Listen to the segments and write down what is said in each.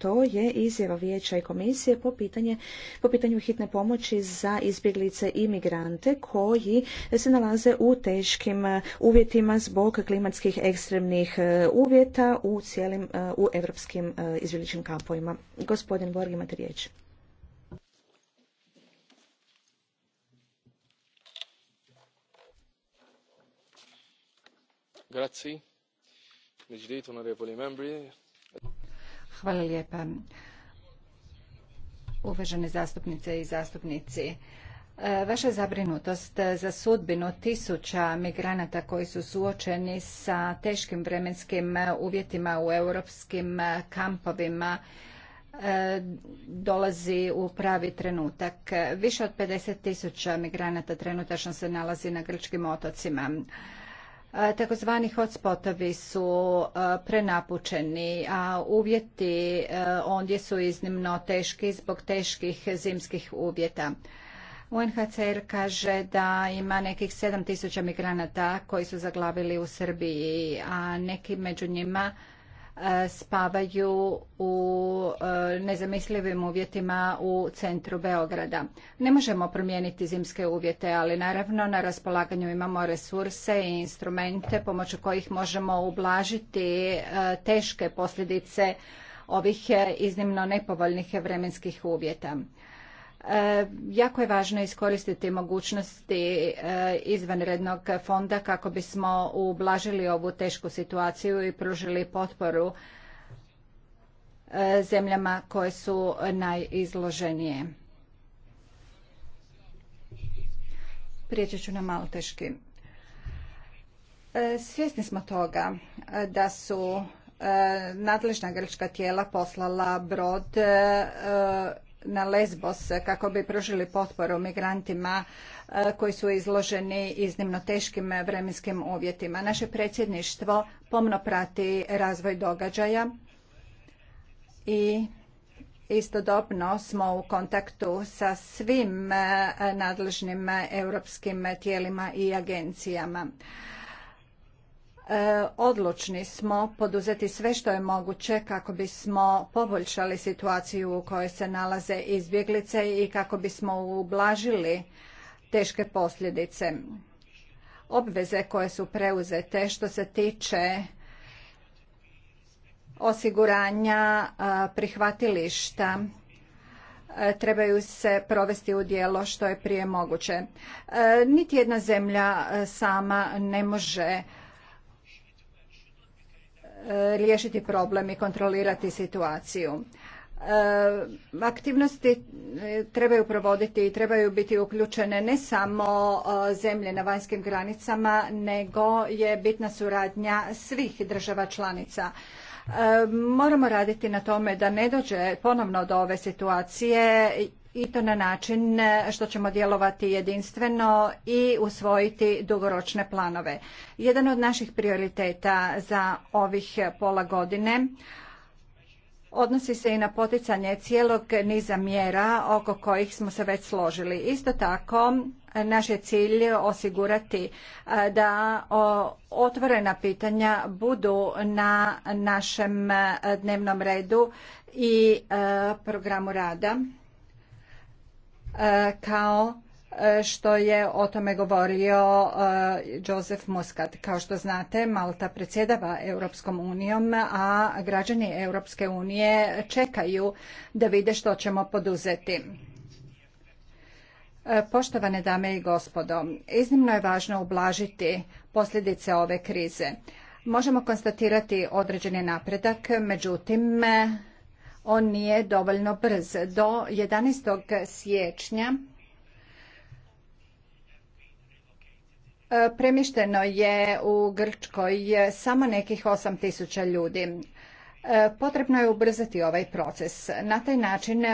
to je izjava Vijeća i Komisije po, pitanje, po pitanju hitne pomoći za izbjeglice i migrante koji se nalaze u teškim e, uvjetima zbog klimatskih ekstremnih e, uvjeta u cijelim e, u europskim izbjegličkim kampovima. Gospodin Borg, imate riječ. Hvala lijepa. Uvažene zastupnice i zastupnici, e, Vaša zabrinutost za sudbinu tisuća migranata koji su suočeni sa teškim vremenskim uvjetima u europskim kampovima e, dolazi u pravi trenutak. Više od 50 tisuća migranata trenutačno se nalazi na grčkim otocima. E, takozvani hotspotovi su e, prenapučeni, a uvjeti e, ondje su iznimno teški zbog teških zimskih uvjeta. UNHCR kaže da ima nekih 7000 migranata koji su zaglavili u Srbiji, a neki među njima spavaju u e, nezamislivim uvjetima u centru Beograda. Ne možemo promijeniti zimske uvjete, ali naravno na raspolaganju imamo resurse i instrumente pomoću kojih možemo ublažiti e, teške posljedice ovih e, iznimno nepovoljnih vremenskih uvjeta. E, jako je važno iskoristiti mogućnosti e, izvanrednog fonda kako bismo ublažili ovu tešku situaciju i pružili potporu e, zemljama koje su najizloženije. Prijeći ću na teški. Svjesni smo toga da su nadležna grčka tijela poslala brod na Lesbos kako bi pružili potporu migrantima e, koji su izloženi iznimno teškim vremenskim uvjetima. Naše predsjedništvo pomno prati razvoj događaja i Istodobno smo u kontaktu sa svim e, nadležnim europskim tijelima i agencijama. E, odlučni smo poduzeti sve što je moguće kako bismo poboljšali situaciju u kojoj se nalaze izbjeglice i kako bismo ublažili teške posljedice. Obveze koje su preuzete što se tiče osiguranja e, prihvatilišta e, trebaju se provesti u djelo što je prije moguće. Niti jedna zemlja sama ne može riješiti problem i kontrolirati situaciju. E, aktivnosti e, trebaju provoditi i trebaju biti uključene ne samo e, zemlje na vanjskim granicama, nego je bitna suradnja svih država članica. Moramo raditi na tome da ne dođe ponovno do ove situacije i to na način e, što ćemo djelovati jedinstveno i usvojiti dugoročne planove. Jedan od naših prioriteta za ovih pola godine odnosi se i na poticanje cijelog niza mjera oko kojih smo se već složili. Isto tako, naš je cilj osigurati e, da otvorena pitanja budu na našem e, dnevnom redu i programu rada E, kao e, što je o tome govorio e, Joseph Muscat. Kao što znate, Malta predsjedava Europskom unijom, a građani Europske unije čekaju da vide što ćemo poduzeti. Poštovane dame i gospodo, iznimno je važno ublažiti posljedice ove krize. Možemo konstatirati određeni napredak, međutim, on nije dovoljno brz. Do 11. siječnja e, premješteno je u Grčkoj samo nekih 8000 ljudi. E, potrebno je ubrzati ovaj proces. Na taj način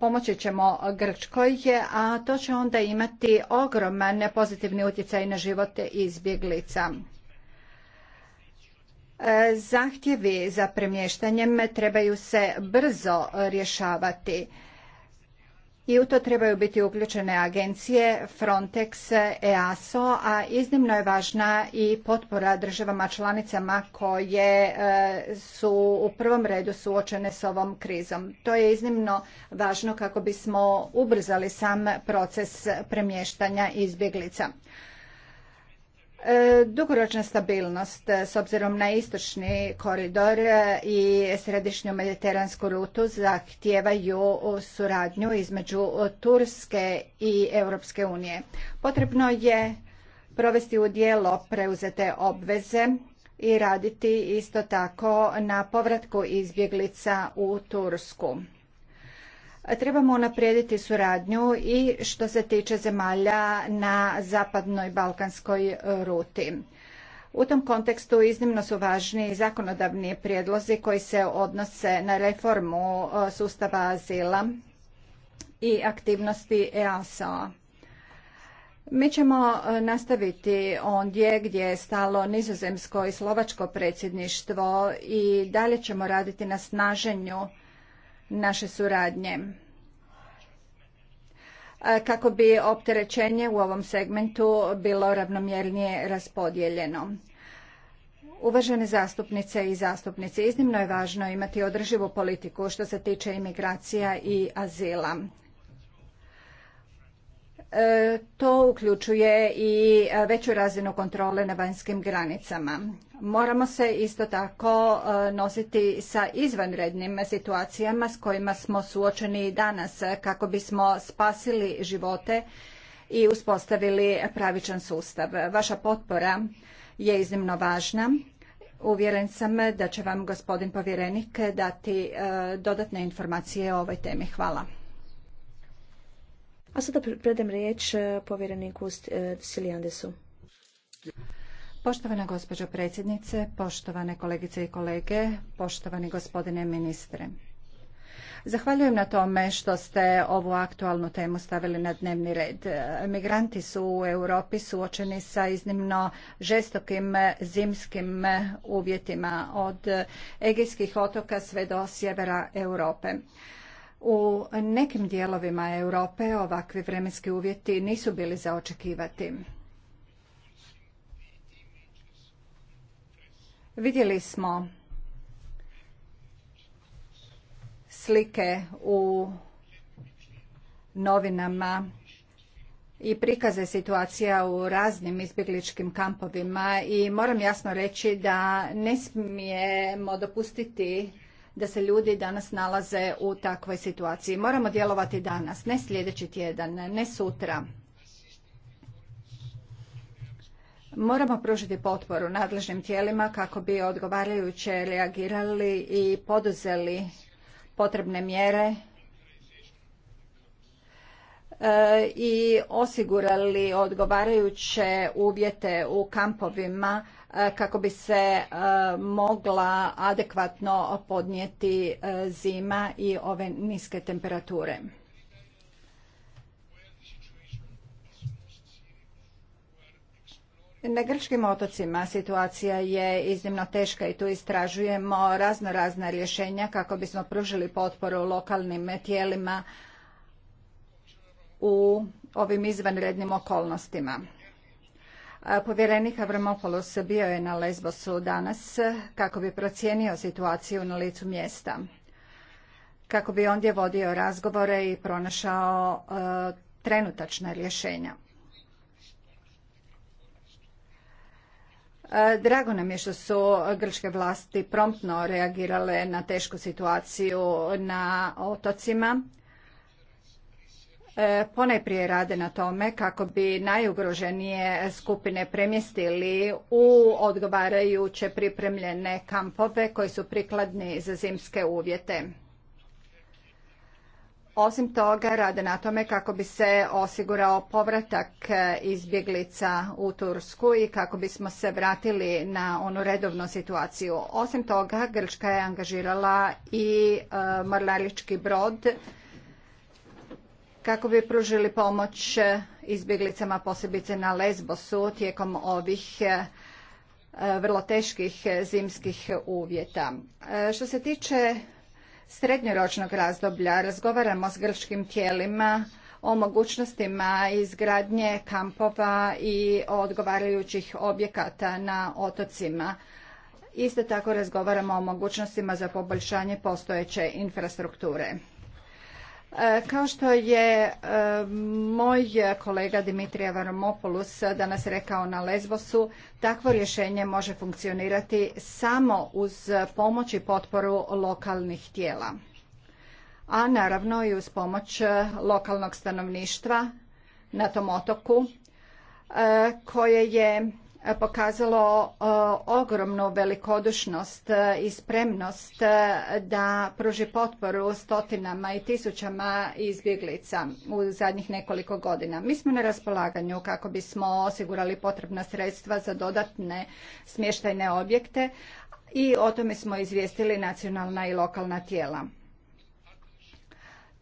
pomoći ćemo Grčkoj, a to će onda imati ogroman pozitivni utjecaj na živote izbjeglica. E, zahtjevi za premještanjem trebaju se brzo rješavati i u to trebaju biti uključene agencije Frontex, EASO, a iznimno je važna i potpora državama članicama koje e, su u prvom redu suočene s ovom krizom. To je iznimno važno kako bismo ubrzali sam proces premještanja izbjeglica. E, dugoročna stabilnost e, s obzirom na istočni koridor e, i središnju mediteransku rutu zahtijevaju suradnju između Turske i Europske unije. Potrebno je provesti u dijelo preuzete obveze i raditi isto tako na povratku izbjeglica u Tursku. Trebamo unaprijediti suradnju i što se tiče zemalja na zapadnoj balkanskoj ruti. U tom kontekstu iznimno su važni zakonodavni prijedlozi koji se odnose na reformu e, sustava azila i aktivnosti easo Mi ćemo e, nastaviti ondje gdje je stalo nizozemsko i slovačko predsjedništvo i dalje ćemo raditi na snaženju naše suradnje e, kako bi opterećenje u ovom segmentu bilo ravnomjernije raspodijeljeno. Uvažene zastupnice i zastupnici, iznimno je važno imati održivu politiku što se tiče imigracija i azila. E, to uključuje i e, veću razinu kontrole na vanjskim granicama. Moramo se isto tako e, nositi sa izvanrednim situacijama s kojima smo suočeni i danas kako bismo spasili živote i uspostavili pravičan sustav. Vaša potpora je iznimno važna. Uvjeren sam da će vam gospodin povjerenik dati dodatne informacije o ovoj temi. Hvala. A sada predam riječ e, povjereniku e, Silijandesu. Poštovana gospođo predsjednice, poštovane kolegice i kolege, poštovani gospodine ministre. Zahvaljujem na tome što ste ovu aktualnu temu stavili na dnevni red. E, migranti su u Europi suočeni sa iznimno žestokim zimskim uvjetima od Egejskih otoka sve do sjevera Europe. U nekim dijelovima Europe ovakvi vremenski uvjeti nisu bili za očekivati. Vidjeli smo slike u novinama i prikaze situacija u raznim izbjegličkim kampovima i moram jasno reći da ne smijemo dopustiti da se ljudi danas nalaze u takvoj situaciji. Moramo djelovati danas, ne sljedeći tjedan, ne sutra. Moramo pružiti potporu nadležnim tijelima kako bi odgovarajuće reagirali i poduzeli potrebne mjere e, i osigurali odgovarajuće uvjete u kampovima E, kako bi se e, mogla adekvatno podnijeti e, zima i ove niske temperature. Na grčkim otocima situacija je iznimno teška i tu istražujemo razno razne rješenja kako bismo pružili potporu lokalnim tijelima u ovim izvanrednim okolnostima. Povjerenik Avramopoulos bio je na Lesbosu danas kako bi procijenio situaciju na licu mjesta, kako bi ondje vodio razgovore i pronašao e, trenutačna rješenja. E, drago nam je što su grčke vlasti promptno reagirale na tešku situaciju na otocima E, ponajprije rade na tome kako bi najugroženije skupine premjestili u odgovarajuće pripremljene kampove koji su prikladni za zimske uvjete. Osim toga, rade na tome kako bi se osigurao povratak izbjeglica u Tursku i kako bismo se vratili na onu redovnu situaciju. Osim toga, Grčka je angažirala i e, mornarički brod kako bi pružili pomoć e, izbjeglicama posebice na Lesbosu tijekom ovih e, e, vrlo teških zimskih uvjeta. Što se tiče srednjoročnog razdoblja razgovaramo s grčkim tijelima o mogućnostima izgradnje kampova i odgovarajućih objekata na otocima. Isto tako razgovaramo o mogućnostima za poboljšanje postojeće infrastrukture. E, kao što je e, moj kolega Dimitrija Varomopoulos danas rekao na Lesbosu, takvo rješenje može funkcionirati samo uz pomoć i potporu lokalnih tijela. A naravno i uz pomoć e, lokalnog stanovništva na tom otoku koje je pokazalo e, ogromnu velikodušnost i spremnost e, da pruži potporu stotinama i tisućama izbjeglica u zadnjih nekoliko godina. Mi smo na raspolaganju kako bismo osigurali potrebna sredstva za dodatne smještajne objekte i o tome smo izvijestili nacionalna i lokalna tijela.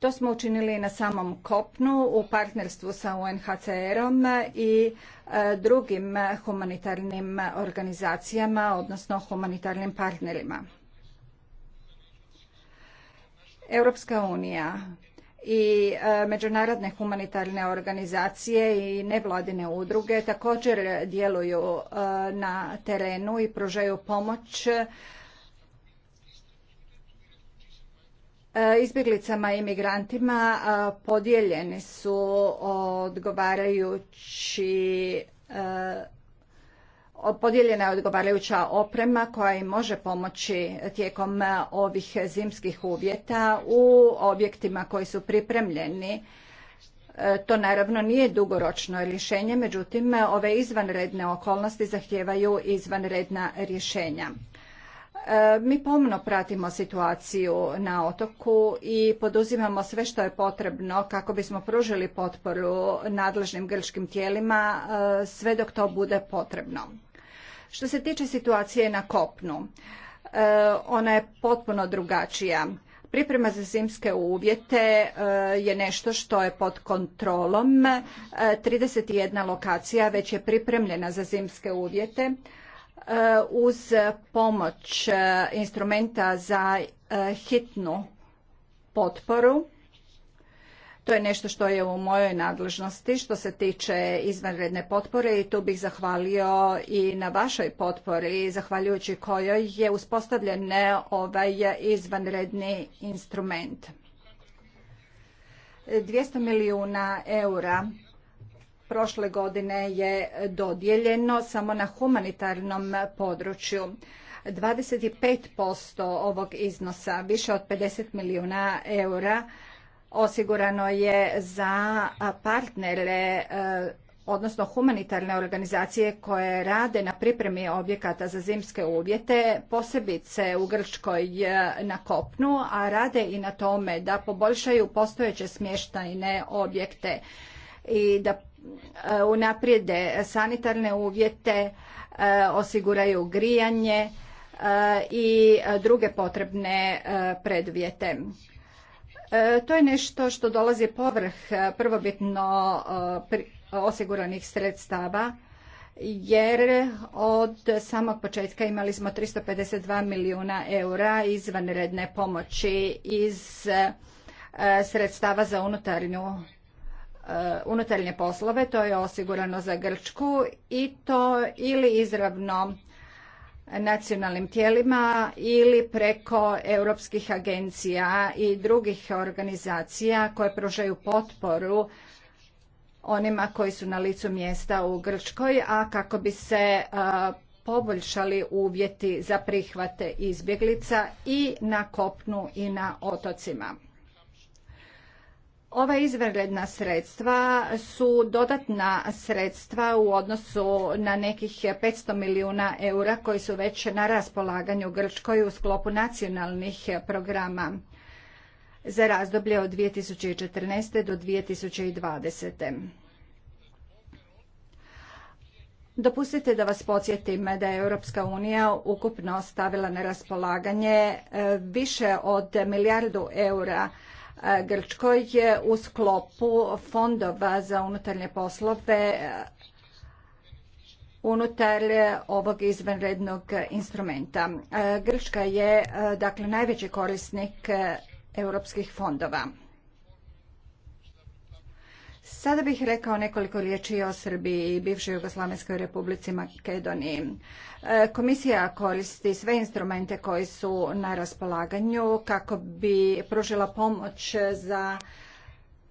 To smo učinili na samom kopnu u partnerstvu sa UNHCR-om i e, drugim humanitarnim organizacijama, odnosno humanitarnim partnerima. Europska unija i e, međunarodne humanitarne organizacije i nevladine udruge također djeluju e, na terenu i pružaju pomoć E, izbjeglicama i migrantima e, podijeljeni su odgovarajući e, podijeljena je odgovarajuća oprema koja im može pomoći tijekom ovih zimskih uvjeta u objektima koji su pripremljeni to naravno nije dugoročno rješenje međutim ove izvanredne okolnosti zahtijevaju izvanredna rješenja E, mi pomno pratimo situaciju na otoku i poduzimamo sve što je potrebno kako bismo pružili potporu nadležnim grčkim tijelima e, sve dok to bude potrebno. Što se tiče situacije na kopnu, e, ona je potpuno drugačija. Priprema za zimske uvjete je nešto što je pod kontrolom. 31 lokacija već je pripremljena za zimske uvjete. Eh, uz pomoć eh, instrumenta za eh, hitnu potporu. To je nešto što je u mojoj nadležnosti što se tiče izvanredne potpore i tu bih zahvalio i na vašoj potpori, zahvaljujući kojoj je uspostavljen ovaj izvanredni instrument. 200 milijuna eura prošle godine je dodijeljeno samo na humanitarnom području. 25% ovog iznosa, više od 50 milijuna eura, osigurano je za partnere eh, odnosno humanitarne organizacije koje rade na pripremi objekata za zimske uvjete, posebice u Grčkoj eh, na kopnu, a rade i na tome da poboljšaju postojeće smještajne objekte i da E, unaprijede sanitarne uvjete, e, osiguraju grijanje e, i druge potrebne preduvjete. To je nešto što dolazi povrh prvobitno osiguranih sredstava jer od samog početka imali smo 352 milijuna eura izvanredne pomoći iz sredstava za unutarnju Uh, unutarnje poslove, to je osigurano za Grčku i to ili izravno nacionalnim tijelima ili preko europskih agencija i drugih organizacija koje pružaju potporu onima koji su na licu mjesta u Grčkoj, a kako bi se uh, poboljšali uvjeti za prihvate izbjeglica i na kopnu i na otocima. Ova izvanredna sredstva su dodatna sredstva u odnosu na nekih 500 milijuna eura koji su već na raspolaganju Grčkoj u sklopu nacionalnih programa za razdoblje od 2014. do 2020. Dopustite da vas podsjetim da je Europska unija ukupno stavila na raspolaganje e, više od milijardu eura Grčkoj je u sklopu fondova za unutarnje poslove unutar ovog izvanrednog instrumenta. Grčka je dakle najveći korisnik europskih fondova. Sada bih rekao nekoliko riječi o Srbiji i bivšoj Jugoslavenskoj republici Makedoniji. E, komisija koristi sve instrumente koji su na raspolaganju kako bi pružila pomoć za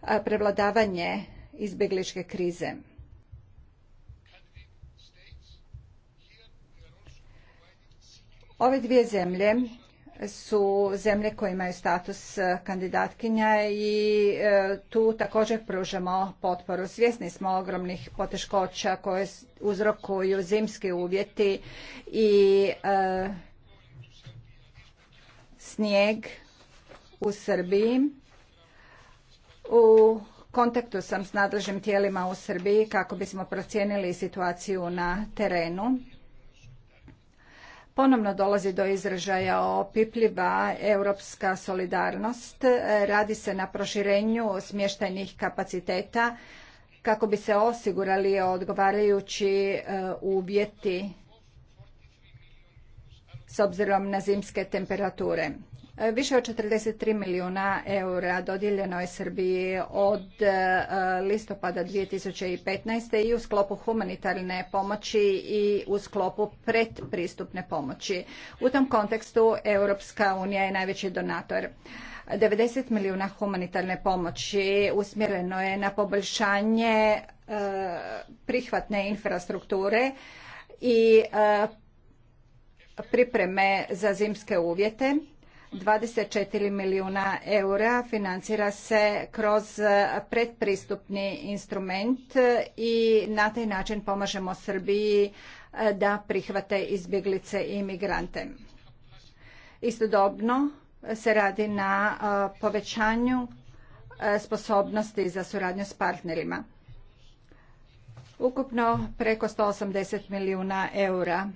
e, prevladavanje izbjegličke krize. Ove dvije zemlje su zemlje koje imaju status e, kandidatkinja i e, tu također pružamo potporu. Svjesni smo ogromnih poteškoća koje uzrokuju zimski uvjeti i e, snijeg u Srbiji. U kontaktu sam s nadležnim tijelima u Srbiji kako bismo procijenili situaciju na terenu Ponovno dolazi do izražaja opipljiva europska solidarnost. Radi se na proširenju smještajnih kapaciteta kako bi se osigurali odgovarajući e, uvjeti s obzirom na zimske temperature. E, više od 43 milijuna eura dodijeljeno je Srbiji od e, listopada 2015. i u sklopu humanitarne pomoći i u sklopu predpristupne pomoći. U tom kontekstu Europska unija je najveći donator. 90 milijuna humanitarne pomoći usmjereno je na poboljšanje e, prihvatne infrastrukture i pripreme za zimske uvjete 24 milijuna eura financira se kroz predpristupni instrument i na taj način pomažemo Srbiji eh, da prihvate izbjeglice i imigrante. Istodobno eh, se radi na eh, povećanju sposobnosti za suradnju s partnerima. Ukupno preko 180 milijuna eura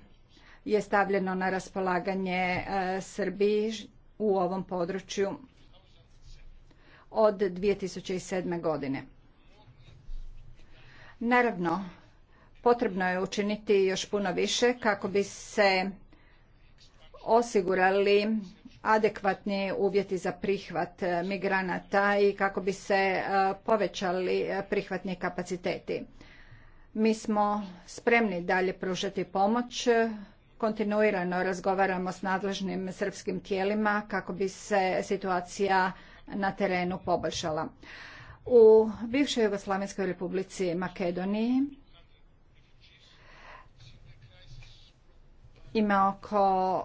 je stavljeno na raspolaganje Srbiji u ovom području od 2007. godine. Naravno, potrebno je učiniti još puno više kako bi se osigurali adekvatni uvjeti za prihvat migranata i kako bi se e, povećali prihvatni kapaciteti. Mi smo spremni dalje pružati pomoć kontinuirano razgovaramo s nadležnim srpskim tijelima kako bi se situacija na terenu poboljšala. U bivšoj Jugoslavenskoj republici Makedoniji ima oko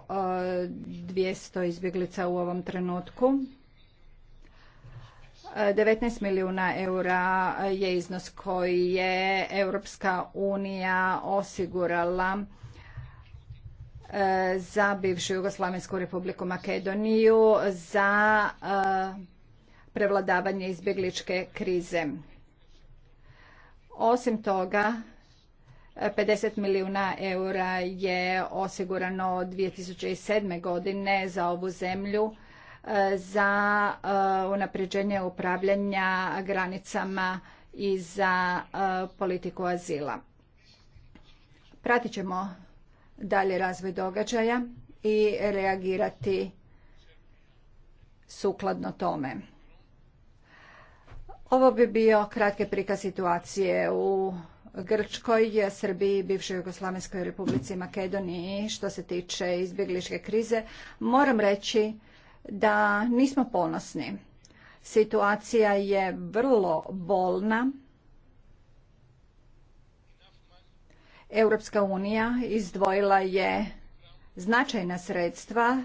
200 e, izbjeglica u ovom trenutku. 19 e, milijuna eura je iznos koji je Europska unija osigurala E, za bivšu Jugoslavensku republiku Makedoniju za e, prevladavanje izbjegličke krize. Osim toga, 50 milijuna eura je osigurano od 2007. godine za ovu zemlju e, za unapređenje upravljanja granicama i za politiku azila. Pratit ćemo dalje razvoj događaja i reagirati sukladno tome. Ovo bi bio kratki prikaz situacije u Grčkoj, Srbiji, bivšoj Jugoslavenskoj republici Makedoniji što se tiče izbjegličke krize. Moram reći da nismo ponosni. Situacija je vrlo bolna Europska unija izdvojila je značajna sredstva,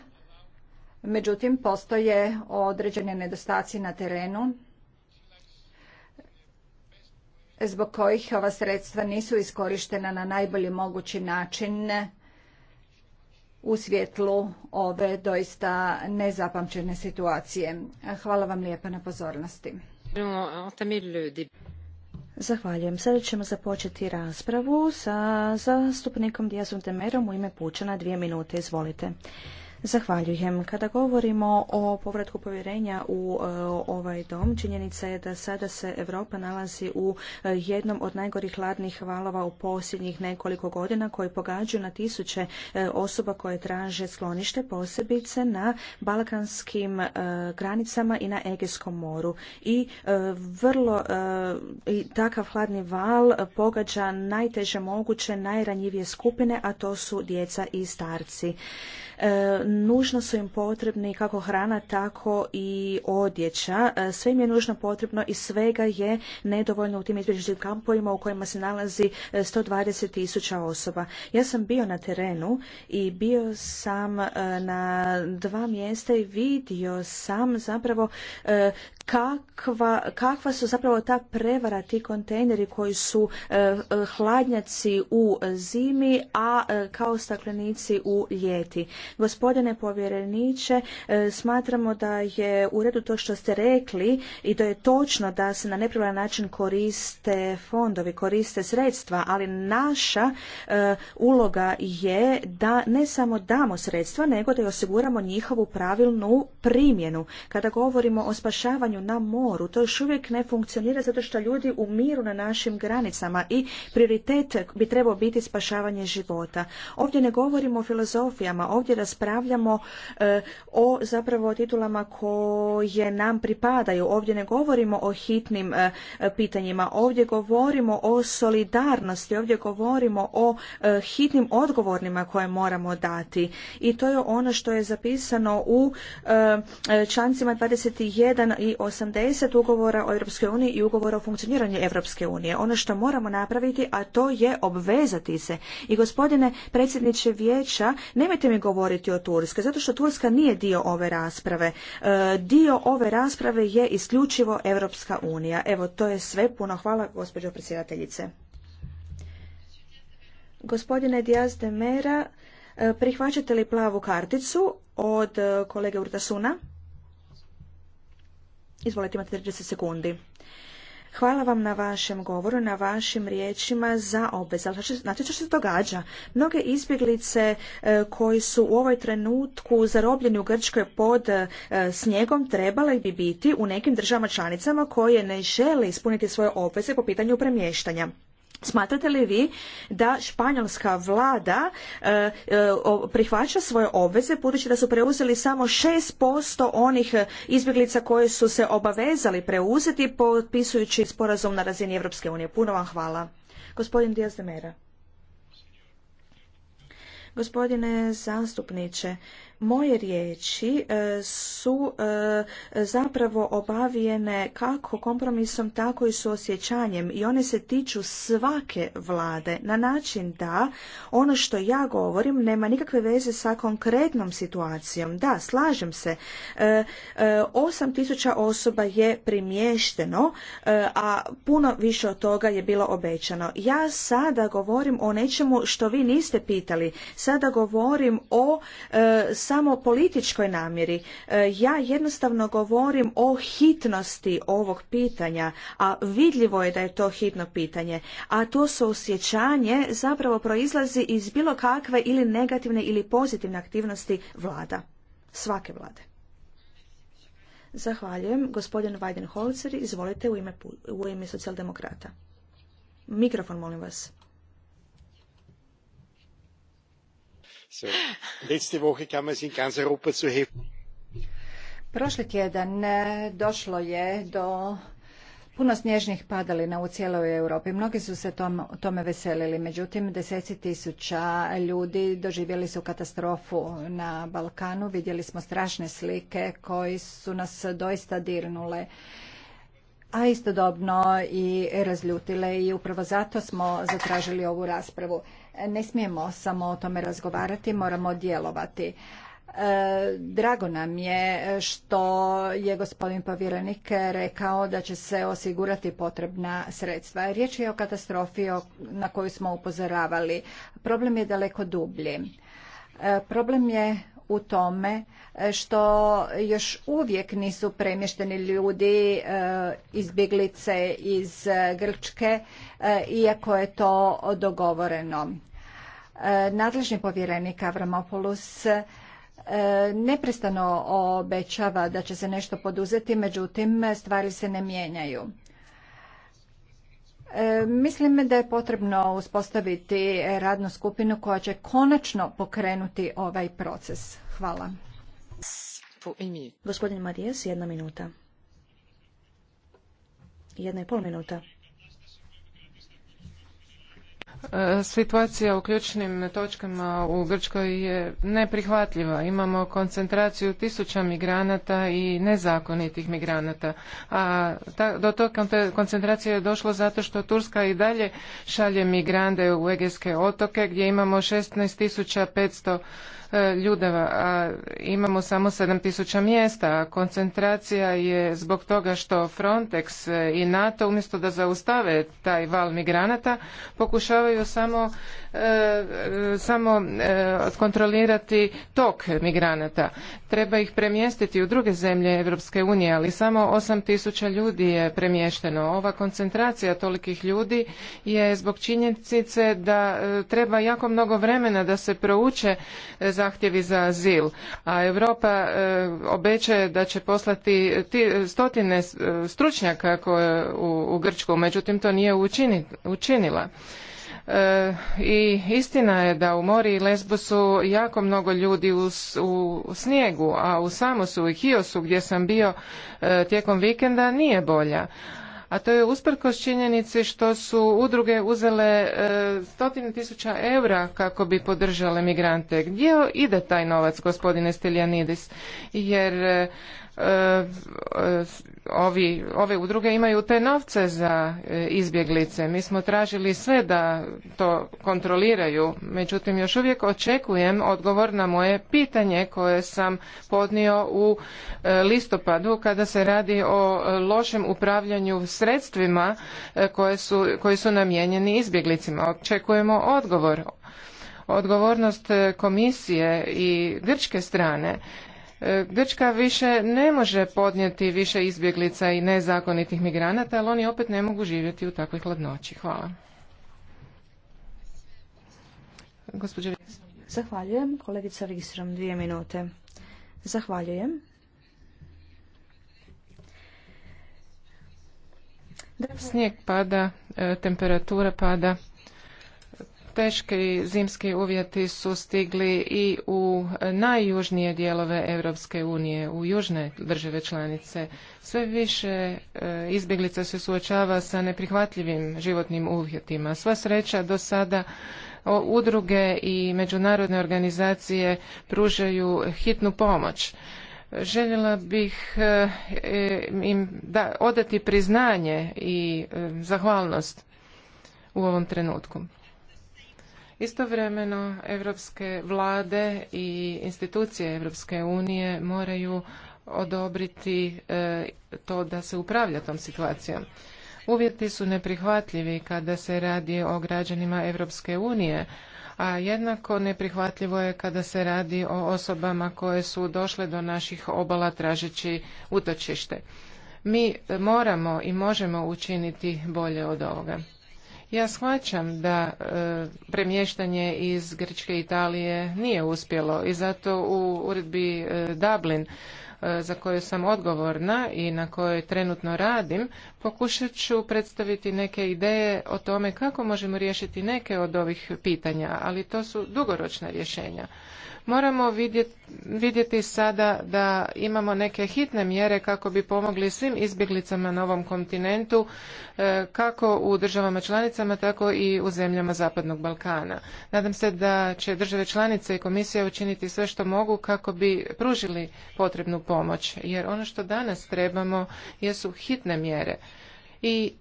međutim postoje određene nedostaci na terenu zbog kojih ova sredstva nisu iskorištena na najbolji mogući način u svjetlu ove doista nezapamćene situacije. Hvala vam lijepa na pozornosti. Zahvaljujem. Sada ćemo započeti raspravu sa zastupnikom Dijasom Temerom u ime Pučana. Dvije minute, izvolite. Zahvaljujem. Kada govorimo o povratku povjerenja u e, ovaj dom, činjenica je da sada se Europa nalazi u e, jednom od najgorih hladnih valova u posljednjih nekoliko godina koji pogađaju na tisuće e, osoba koje traže sklonište, posebice na balkanskim granicama i na Egejskom moru. I vrlo i takav hladni val pogađa najteže moguće, najranjivije skupine, a to su djeca i starci. E, nužno su im potrebni kako hrana, tako i odjeća. E, sve im je nužno potrebno i svega je nedovoljno u tim izbjegličkim kampovima u kojima se nalazi 120 e, tisuća osoba. Ja sam bio na terenu i bio sam na dva mjesta i vidio sam zapravo kakva, kakva su zapravo ta prevara, ti kontejneri koji su hladnjaci u zimi, a kao staklenici u ljeti. Gospodine povjereniče, e, smatramo da je u redu to što ste rekli i da je točno da se na nepravilan način koriste fondovi, koriste sredstva, ali naša e, uloga je da ne samo damo sredstva, nego da i osiguramo njihovu pravilnu primjenu. Kada govorimo o spašavanju na moru, to još uvijek ne funkcionira zato što ljudi umiru na našim granicama i prioritet bi trebao biti spašavanje života. Ovdje ne govorimo o filozofijama, ovdje ovdje raspravljamo e, o zapravo titulama koje nam pripadaju. Ovdje ne govorimo o hitnim e, pitanjima, ovdje govorimo o solidarnosti, ovdje govorimo o e, hitnim odgovornima koje moramo dati. I to je ono što je zapisano u člancima 21 i 80 ugovora o Europskoj uniji i ugovora o funkcioniranju Europske unije. Ono što moramo napraviti, a to je obvezati se. I gospodine predsjedniče vijeća, nemojte mi govoriti govoriti o Turskoj, zato što Turska nije dio ove rasprave. E, dio ove rasprave je isključivo Europska unija. Evo, to je sve. Puno hvala, gospođo predsjedateljice. Gospodine Diaz de Mera, e, prihvaćate li plavu karticu od e, kolege Urtasuna? Izvolite, imate 30 sekundi. Hvala vam na vašem govoru, na vašim riječima za obvez. znate znači što se događa? Mnoge izbjeglice e, koji su u ovoj trenutku zarobljeni u Grčkoj pod e, snijegom trebale bi biti u nekim državama članicama koje ne žele ispuniti svoje obveze po pitanju premještanja. Smatrate li vi da španjolska vlada e, e, prihvaća svoje obveze budući da su preuzeli samo 6% onih izbjeglica koje su se obavezali preuzeti potpisujući sporazum na razini Europske unije? Puno vam hvala. Gospodin Diaz de Mera. Gospodine zastupniče, moje riječi e, su e, zapravo obavijene kako kompromisom, tako i suosjećanjem i one se tiču svake vlade na način da ono što ja govorim nema nikakve veze sa konkretnom situacijom. Da, slažem se. 8000 e, osoba je primješteno, a puno više od toga je bilo obećano. Ja sada govorim o nečemu što vi niste pitali. Sada govorim o samo političkoj namjeri. E, ja jednostavno govorim o hitnosti ovog pitanja, a vidljivo je da je to hitno pitanje, a to suosjećanje zapravo proizlazi iz bilo kakve ili negativne ili pozitivne aktivnosti vlada, svake vlade. Zahvaljujem. Gospodin Weidenholzer, izvolite u ime socijaldemokrata. Mikrofon, molim vas. Prošli tjedan eh, došlo je do puno snježnih padalina u cijeloj Europi. Mnogi su se tome veselili, međutim deseci tisuća ljudi doživjeli su katastrofu na Balkanu. Vidjeli smo strašne slike koji su nas doista dirnule a istodobno i razljutile i upravo zato smo zatražili ovu raspravu. Ne smijemo samo o tome razgovarati, moramo djelovati. E, drago nam je što je gospodin povjerenik rekao da će se osigurati potrebna sredstva. Riječ je o katastrofi na koju smo upozoravali. Problem je daleko dublji. E, problem je u tome e, što još uvijek nisu premješteni ljudi e, izbjeglice iz e, Grčke, iako je to dogovoreno. Nadležni povjerenik Avramopoulos neprestano obećava da će se nešto poduzeti, međutim stvari se ne mijenjaju. E, mislim da je potrebno uspostaviti radnu skupinu koja će konačno pokrenuti ovaj proces. Hvala. Gospodin Marijes, jedna minuta. Jedna i pol minuta. Situacija u ključnim točkama u Grčkoj je neprihvatljiva. Imamo koncentraciju tisuća migranata i nezakonitih migranata. A ta, do tog koncentracije je došlo zato što Turska i dalje šalje migrante u Egejske otoke gdje imamo 16.500 E, ljude. Imamo samo 7000 mjesta. Koncentracija je zbog toga što Frontex i NATO umjesto da zaustave taj val migranata pokušavaju samo, e, samo e, kontrolirati tok migranata. Treba ih premjestiti u druge zemlje Europske unije, ali samo 8000 ljudi je premješteno. Ova koncentracija tolikih ljudi je zbog činjenice da treba jako mnogo vremena da se prouče za zahtjevi za azil, a Europa e, obećaje da će poslati stotine e, stručnjaka koje u Grčku, međutim to nije učinila. E, I istina je da u mori i Lesbosu jako mnogo ljudi u, snijegu, a u Samosu i Hiosu gdje sam bio tijekom vikenda nije bolja a to je usprkos činjenici što su udruge uzele e, stotine tisuća eura kako bi podržale migrante. Gdje ide taj novac, gospodine Stiljanidis? Jer e, E, e, ovi, ove udruge imaju te novce za e, izbjeglice. Mi smo tražili sve da to kontroliraju, međutim još uvijek očekujem odgovor na moje pitanje koje sam podnio u listopadu kada se radi o lošem upravljanju sredstvima koje su, koji su namijenjeni izbjeglicima. Očekujemo odgovor odgovornost komisije i grčke strane Grčka više ne može podnijeti više izbjeglica i nezakonitih migranata, ali oni opet ne mogu živjeti u takvoj hladnoći. Hvala. Gospođa... Zahvaljujem. Kolegica Vigstrom, dvije minute. Zahvaljujem. Snijeg pada, e, temperatura pada. Teški zimski uvjeti su stigli i u najjužnije dijelove Europske unije, u južne države članice. Sve više e, izbjeglica se suočava sa neprihvatljivim životnim uvjetima. Sva sreća do sada udruge i međunarodne organizacije pružaju hitnu pomoć. Željela bih e, e, im da odati priznanje i zahvalnost u ovom trenutku. Istovremeno, evropske vlade i institucije Evropske unije moraju odobriti e, to da se upravlja tom situacijom. Uvjeti su neprihvatljivi kada se radi o građanima Evropske unije, a jednako neprihvatljivo je kada se radi o osobama koje su došle do naših obala tražeći utočište. Mi moramo i možemo učiniti bolje od ovoga. Ja shvaćam da e, premještanje iz Grčke Italije nije uspjelo i zato u uredbi e, Dublin e, za koju sam odgovorna i na kojoj trenutno radim, pokušat ću predstaviti neke ideje o tome kako možemo riješiti neke od ovih pitanja, ali to su dugoročna rješenja. Moramo vidjeti, sada da imamo neke hitne mjere kako bi pomogli svim izbjeglicama na ovom kontinentu, e, kako u državama članicama, tako i u zemljama Zapadnog Balkana. Nadam se da će države članice i komisija učiniti sve što mogu kako bi pružili potrebnu pomoć, jer ono što danas trebamo jesu hitne mjere. I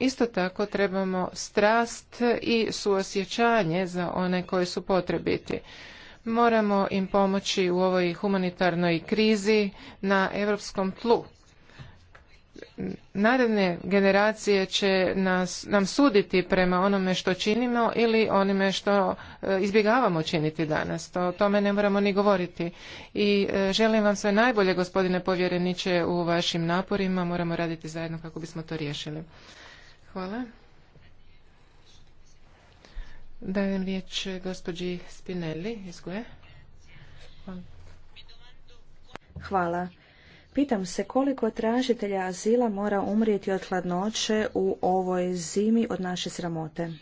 Isto tako trebamo strast i suosjećanje za one koji su potrebiti moramo im pomoći u ovoj humanitarnoj krizi na europskom tlu naredne generacije će nam suditi prema onome što činimo ili onime što e, izbjegavamo činiti danas. o tome ne moramo ni govoriti. I e, želim vam sve najbolje, gospodine povjereniče, u vašim naporima. Moramo raditi zajedno kako bismo to riješili. Hvala. Dajem riječ gospođi Spinelli iz Gue. Hvala. Pitam se koliko tražitelja azila mora umrijeti od hladnoće u ovoj zimi od naše sramote.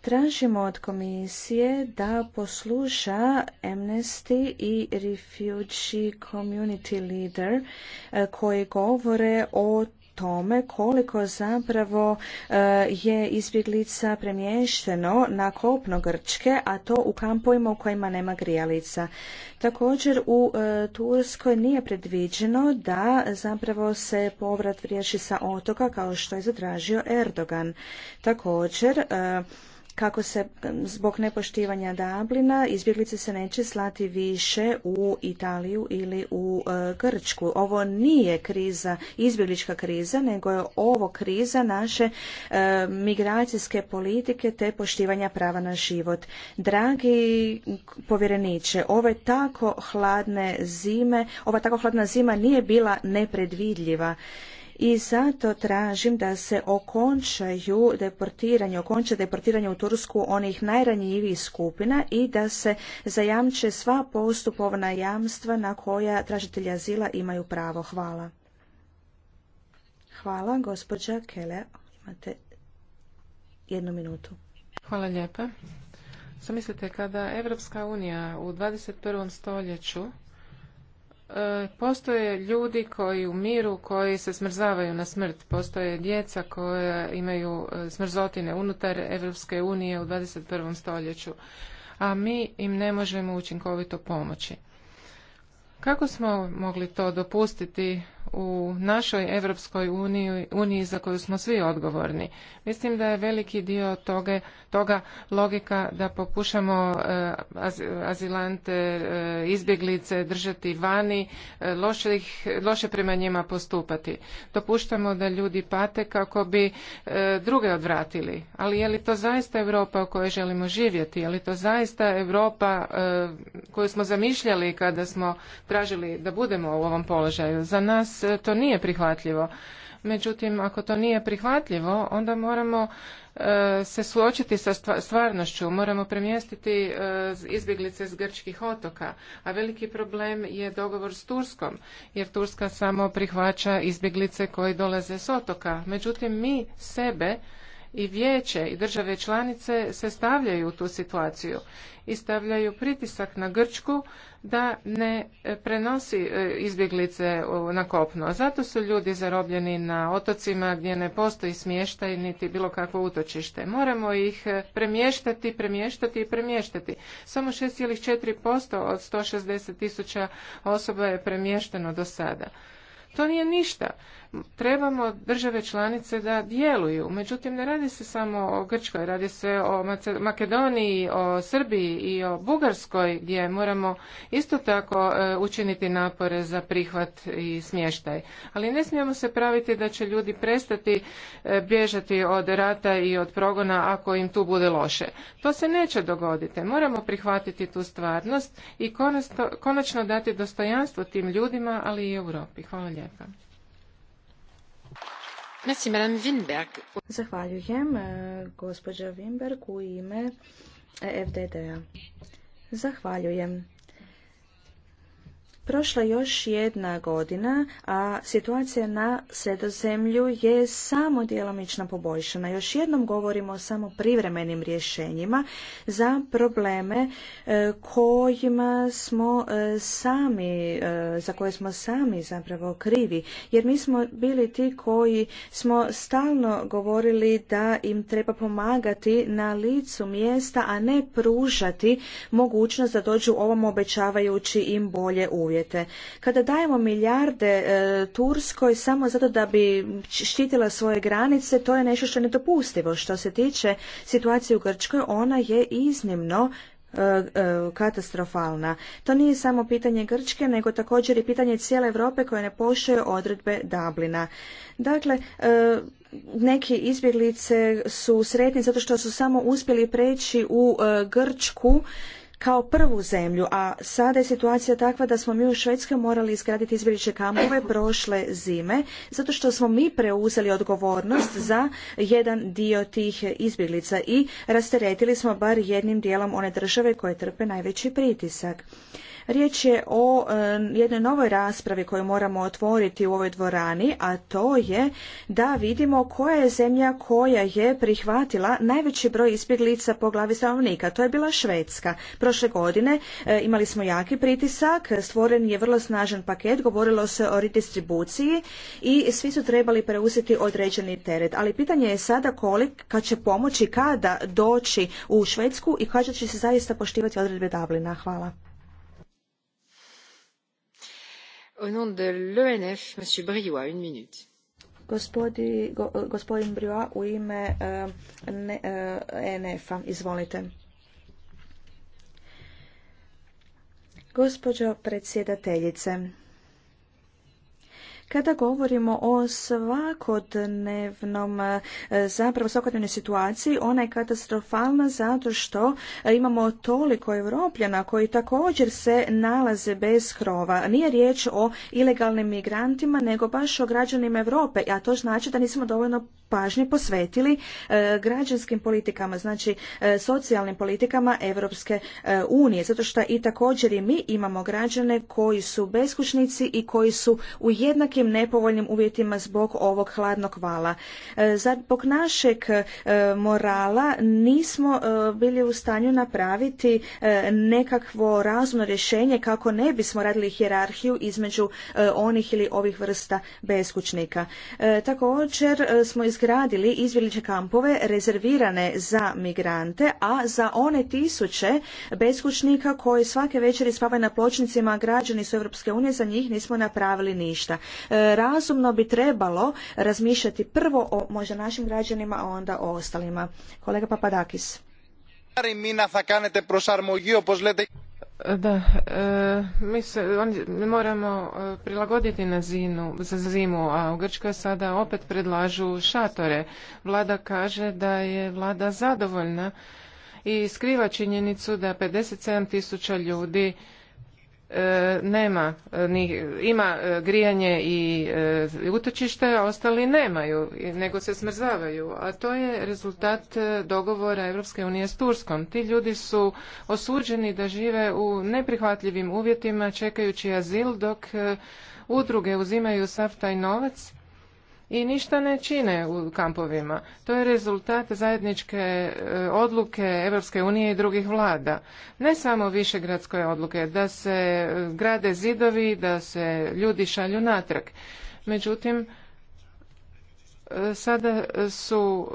Tražimo od komisije da posluša Amnesty i Refugee Community Leader eh, koji govore o tome koliko zapravo e, je izbjeglica premješteno na kopno Grčke, a to u kampovima u kojima nema grijalica. Također u e, Turskoj nije predviđeno da zapravo se povrat riješi sa otoka kao što je zatražio Erdogan. Također e, kako se zbog nepoštivanja Dublina izbjeglice se neće slati više u Italiju ili u e, Grčku. Ovo nije kriza, izbjeglička kriza, nego je ovo kriza naše e, migracijske politike te poštivanja prava na život. Dragi povjereniče, ove tako hladne zime, ova tako hladna zima nije bila nepredvidljiva i zato tražim da se okončaju deportiranje, okonča deportiranje u Tursku onih najranjivijih skupina i da se zajamče sva postupovna jamstva na koja tražitelji azila imaju pravo. Hvala. Hvala, gospođa Kele. Imate jednu minutu. Hvala lijepa. Zamislite, kada Evropska unija u 21. stoljeću E, postoje ljudi koji u miru koji se smrzavaju na smrt. Postoje djeca koja imaju e, smrzotine unutar Evropske unije u 21. stoljeću, a mi im ne možemo učinkovito pomoći. Kako smo mogli to dopustiti u našoj Europskoj uniji, uniji za koju smo svi odgovorni. Mislim da je veliki dio toga, toga logika da pokušamo eh, azilante, eh, izbjeglice držati vani, eh, loše, ih, loše prema njima postupati. Dopuštamo da ljudi pate kako bi druge odvratili. Ali je li to zaista Europa u kojoj želimo živjeti? Je li to zaista Europa koju smo zamišljali kada smo tražili da budemo u ovom položaju? Za nas to nije prihvatljivo. Međutim, ako to nije prihvatljivo, onda moramo e, se suočiti sa stvarnošću, moramo premjestiti e, izbjeglice s grčkih otoka. A veliki problem je dogovor s Turskom, jer Turska samo prihvaća izbjeglice koji dolaze s otoka. Međutim, mi sebe i vijeće i države članice se stavljaju u tu situaciju i stavljaju pritisak na Grčku da ne e, prenosi e, izbjeglice e, na kopno. Zato su ljudi zarobljeni na otocima gdje ne postoji smještaj niti bilo kakvo utočište. Moramo ih premještati, premještati i premještati. Samo 6,4% od 160 tisuća osoba je premješteno do sada. To nije ništa trebamo države članice da djeluju. Međutim, ne radi se samo o Grčkoj, radi se o Makedoniji, o Srbiji i o Bugarskoj gdje moramo isto tako e, učiniti napore za prihvat i smještaj. Ali ne smijemo se praviti da će ljudi prestati e, bježati od rata i od progona ako im tu bude loše. To se neće dogoditi. Moramo prihvatiti tu stvarnost i konačno dati dostojanstvo tim ljudima, ali i Europi. Hvala lijepa. Zahvaljujem e, gospođa Winberg u ime e, FDD-a. Zahvaljujem. Prošla još jedna godina, a situacija na sredozemlju je samo djelomično poboljšana. Još jednom govorimo o samo privremenim rješenjima za probleme e, kojima smo e, sami, e, za koje smo sami zapravo krivi. Jer mi smo bili ti koji smo stalno govorili da im treba pomagati na licu mjesta, a ne pružati mogućnost da dođu ovom obećavajući im bolje uvjeti uvjete. Kada dajemo milijarde e, Turskoj samo zato da bi štitila svoje granice, to je nešto što je nedopustivo. Što se tiče situacije u Grčkoj, ona je iznimno e, e, katastrofalna. To nije samo pitanje Grčke, nego također i pitanje cijele Europe koje ne poštuje odredbe Dublina. Dakle, neki izbjeglice su sretni zato što su samo uspjeli preći u Grčku kao prvu zemlju, a sada je situacija takva da smo mi u Švedskoj morali izgraditi izbjegličke kampove prošle zime, zato što smo mi preuzeli odgovornost za jedan dio tih izbjeglica i rasteretili smo bar jednim dijelom one države koje trpe najveći pritisak. Riječ je o e, jednoj novoj raspravi koju moramo otvoriti u ovoj dvorani, a to je da vidimo koja je zemlja koja je prihvatila najveći broj izbjeglica po glavi stanovnika. To je bila Švedska. Prošle godine e, imali smo jaki pritisak, stvoren je vrlo snažan paket, govorilo se o redistribuciji i svi su trebali preuzeti određeni teret. Ali pitanje je sada kolika će pomoći kada doći u Švedsku i kada će se zaista poštivati odredbe Dublina. Hvala. Au nom de gospodin Briois u ime ENF-a. Eh, eh, izvolite. Gospođo predsjedateljice, kada govorimo o svakodnevnom, e, zapravo svakodnevnoj situaciji, ona je katastrofalna zato što e, imamo toliko Evropljana koji također se nalaze bez krova. Nije riječ o ilegalnim migrantima, nego baš o građanima Europe, a to znači da nismo dovoljno pažnje posvetili e, građanskim politikama, znači e, socijalnim politikama Europske e, unije, zato što i također i mi imamo građane koji su beskućnici i koji su u jednakim nepovoljnim uvjetima zbog ovog hladnog vala. Zbog našeg morala nismo bili u stanju napraviti nekakvo razumno rješenje kako ne bismo radili hijerarhiju između onih ili ovih vrsta beskućnika. Također smo iz izgradili izbjegličke kampove rezervirane za migrante, a za one tisuće beskućnika koji svake večeri spavaju na pločnicima građani su Europske unije, za njih nismo napravili ništa. E, razumno bi trebalo razmišljati prvo o možda našim građanima, a onda o ostalima. Kolega Papadakis. Da, e, mi se on, moramo e, prilagoditi na za zimu, a u Grčkoj sada opet predlažu šatore. Vlada kaže da je vlada zadovoljna i skriva činjenicu da 57 tisuća ljudi E, nema e, ni, ima e, grijanje i utočište, a ostali nemaju, nego se smrzavaju. A to je rezultat dogovora Europske unije s Turskom. Ti ljudi su osuđeni da žive u neprihvatljivim uvjetima čekajući azil dok udruge uzimaju sav taj novac i ništa ne čine u kampovima. To je rezultat zajedničke e, odluke Europske unije i drugih vlada. Ne samo višegradske odluke, da se e, grade zidovi, da se ljudi šalju natrag. Međutim, e, sada su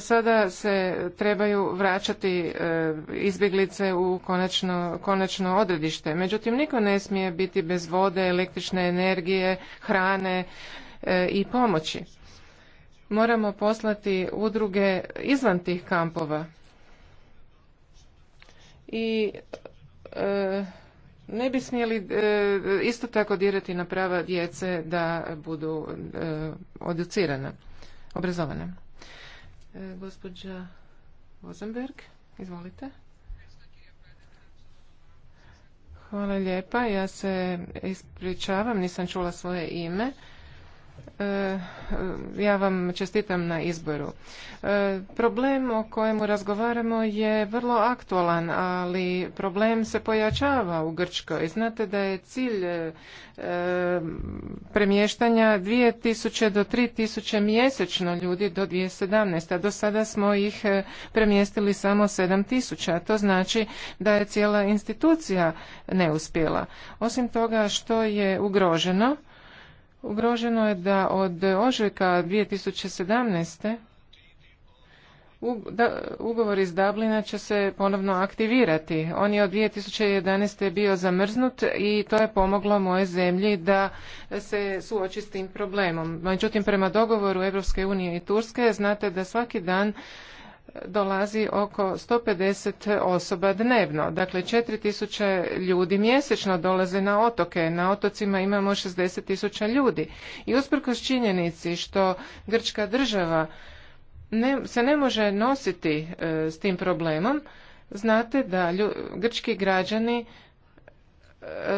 sada se trebaju vraćati izbjeglice u konačno, konačno odredište međutim niko ne smije biti bez vode električne energije hrane E, i pomoći. Moramo poslati udruge izvan tih kampova. I e, ne bi smjeli e, isto tako dirati na prava djece da budu educirana, obrazovana. Gospođa Vozenberg, izvolite. Hvala lijepa. Ja se ispričavam, nisam čula svoje ime. Eh, eh, ja vam čestitam na izboru. Eh, problem o kojemu razgovaramo je vrlo aktualan, ali problem se pojačava u Grčkoj. Znate da je cilj premještanja 2000 do 3000 mjesečno ljudi do 2017. A do sada smo ih premjestili samo 7000. To znači da je cijela institucija neuspjela. Osim toga što je ugroženo, Ugroženo je da od ožujka 2017. ugovor iz Dublina će se ponovno aktivirati. On je od 2011. bio zamrznut i to je pomoglo moje zemlji da se suoči s tim problemom. Međutim, prema dogovoru EU unije i Turske znate da svaki dan dolazi oko 150 osoba dnevno. Dakle, 4000 ljudi mjesečno dolaze na otoke. Na otocima imamo 60.000 tisuća ljudi. I usprkos činjenici što Grčka država ne, se ne može nositi e, s tim problemom, znate da grčki građani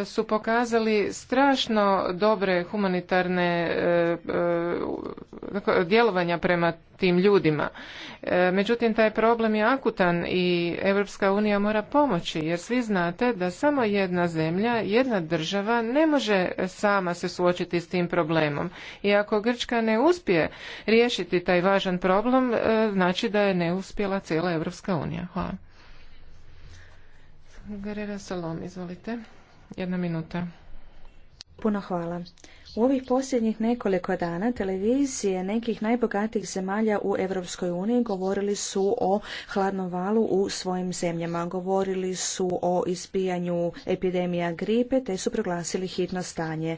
su pokazali strašno dobre humanitarne e, e, djelovanja prema tim ljudima. E, međutim, taj problem je akutan i Europska unija mora pomoći, jer svi znate da samo jedna zemlja, jedna država ne može sama se suočiti s tim problemom. I ako Grčka ne uspije riješiti taj važan problem, znači da je neuspjela cijela Europska unija. Hvala. Salom, izvolite. Jedna minuta. Puno hvala. U ovih posljednjih nekoliko dana televizije nekih najbogatijih zemalja u Europskoj uniji govorili su o hladnom valu u svojim zemljama, govorili su o izbijanju epidemija gripe te su proglasili hitno stanje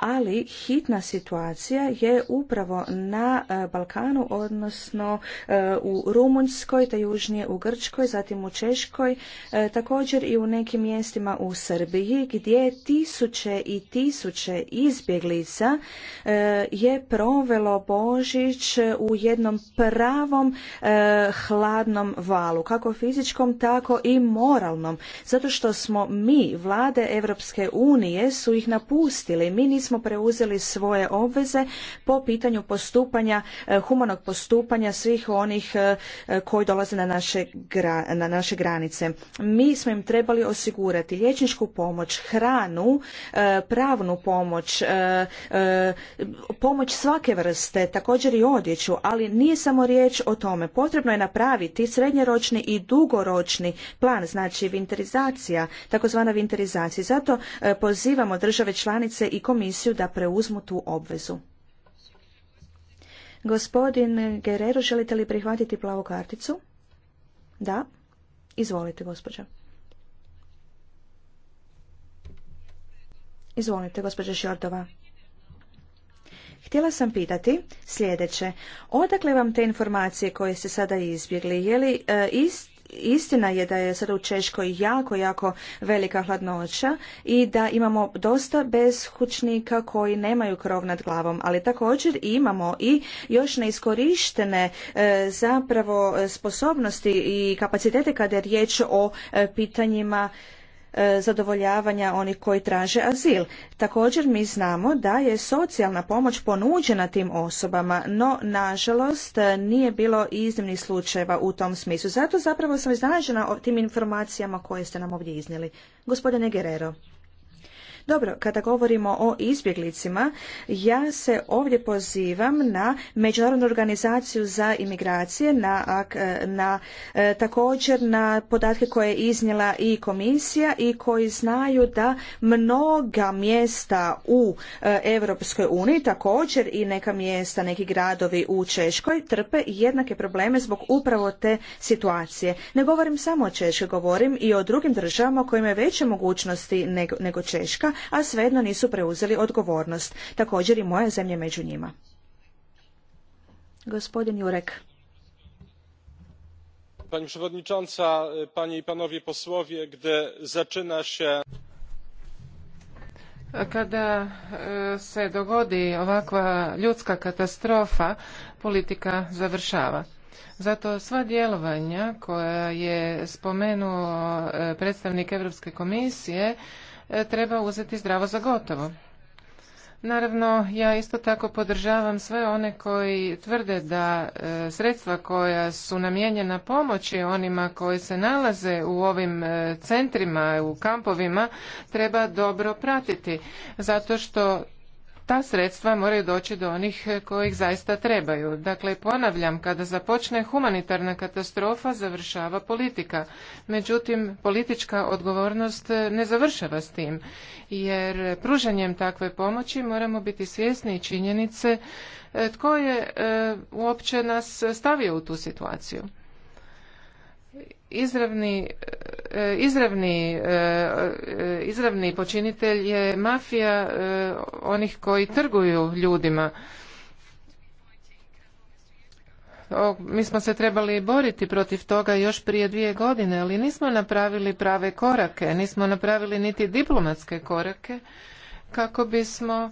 ali hitna situacija je upravo na e, Balkanu, odnosno e, u Rumunjskoj, te južnije u Grčkoj, zatim u Češkoj, e, također i u nekim mjestima u Srbiji gdje tisuće i tisuće izbjeglica je provelo Božić u jednom pravom hladnom valu, kako fizičkom, tako i moralnom, zato što smo mi, vlade Evropske unije, su ih napustili. Mi nismo smo preuzeli svoje obveze po pitanju postupanja, e, humanog postupanja svih onih e, e, koji dolaze na naše, granice. Mi smo im trebali osigurati liječničku pomoć, hranu, pravnu pomoć, pomoć svake vrste, također i odjeću, ali nije samo riječ o tome. Potrebno je napraviti srednjoročni i dugoročni plan, znači vinterizacija, takozvana vinterizacija. Zato pozivamo države članice i komisije komisiju da preuzmu tu obvezu. Gospodin Guerrero, želite li prihvatiti plavu karticu? Da. Izvolite, gospođa. Izvolite, gospođa Šjordova. Htjela sam pitati sljedeće. Odakle vam te informacije koje ste sada izbjegli? Je li e, is Istina je da je sada u Češkoj jako, jako velika hladnoća i da imamo dosta beskućnika koji nemaju krov nad glavom, ali također imamo i još neiskorištene e, zapravo e, sposobnosti i kapacitete kada je riječ o e, pitanjima E, zadovoljavanja onih koji traže azil. Također mi znamo da je socijalna pomoć ponuđena tim osobama, no nažalost e, nije bilo iznimnih slučajeva u tom smislu. Zato zapravo sam iznenađena o tim informacijama koje ste nam ovdje iznijeli. Gospodine Guerrero. Dobro, kada govorimo o izbjeglicima, ja se ovdje pozivam na Međunarodnu organizaciju za imigracije, na, e, na e, također na podatke koje je iznijela i komisija i koji znaju da mnoga mjesta u e, Europskoj uniji, također i neka mjesta, neki gradovi u Češkoj trpe jednake probleme zbog upravo te situacije. Ne govorim samo o Češkoj, govorim i o drugim državama kojima je veće mogućnosti nego Češka, a svejedno nisu preuzeli odgovornost. Također i moja zemlja među njima. Gospodin Jurek. Pani przewodnicząca, panie i panowie posłowie, gdy zaczyna się kada e, se dogodi ovakva ljudska katastrofa, politika završava. Zato sva djelovanja koja je spomenuo e, predstavnik Europske komisije E, treba uzeti zdravo za gotovo. Naravno, ja isto tako podržavam sve one koji tvrde da e, sredstva koja su namijenjena pomoći onima koji se nalaze u ovim e, centrima, u kampovima, treba dobro pratiti, zato što ta sredstva moraju doći do onih eh, kojih zaista trebaju. Dakle, ponavljam, kada započne humanitarna katastrofa, završava politika. Međutim, politička odgovornost eh, ne završava s tim, jer pružanjem takve pomoći moramo biti svjesni činjenice eh, tko je uopće nas stavio u tu situaciju izravni e, izravni e, e, izravni počinitelj je mafija onih koji trguju ljudima mi smo se trebali boriti protiv toga još prije dvije godine, ali nismo napravili prave korake, nismo napravili niti diplomatske korake kako bismo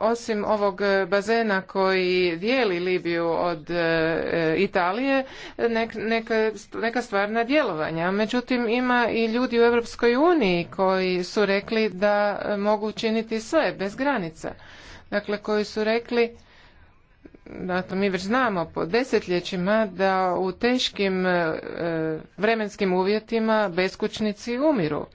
osim ovog bazena koji dijeli Libiju od e, Italije, neka, stvarna djelovanja. Međutim, ima i ljudi u Europskoj uniji koji su rekli da mogu učiniti sve, bez granica. Dakle, koji su rekli da to mi već znamo po desetljećima da u teškim e, vremenskim uvjetima beskućnici umiru.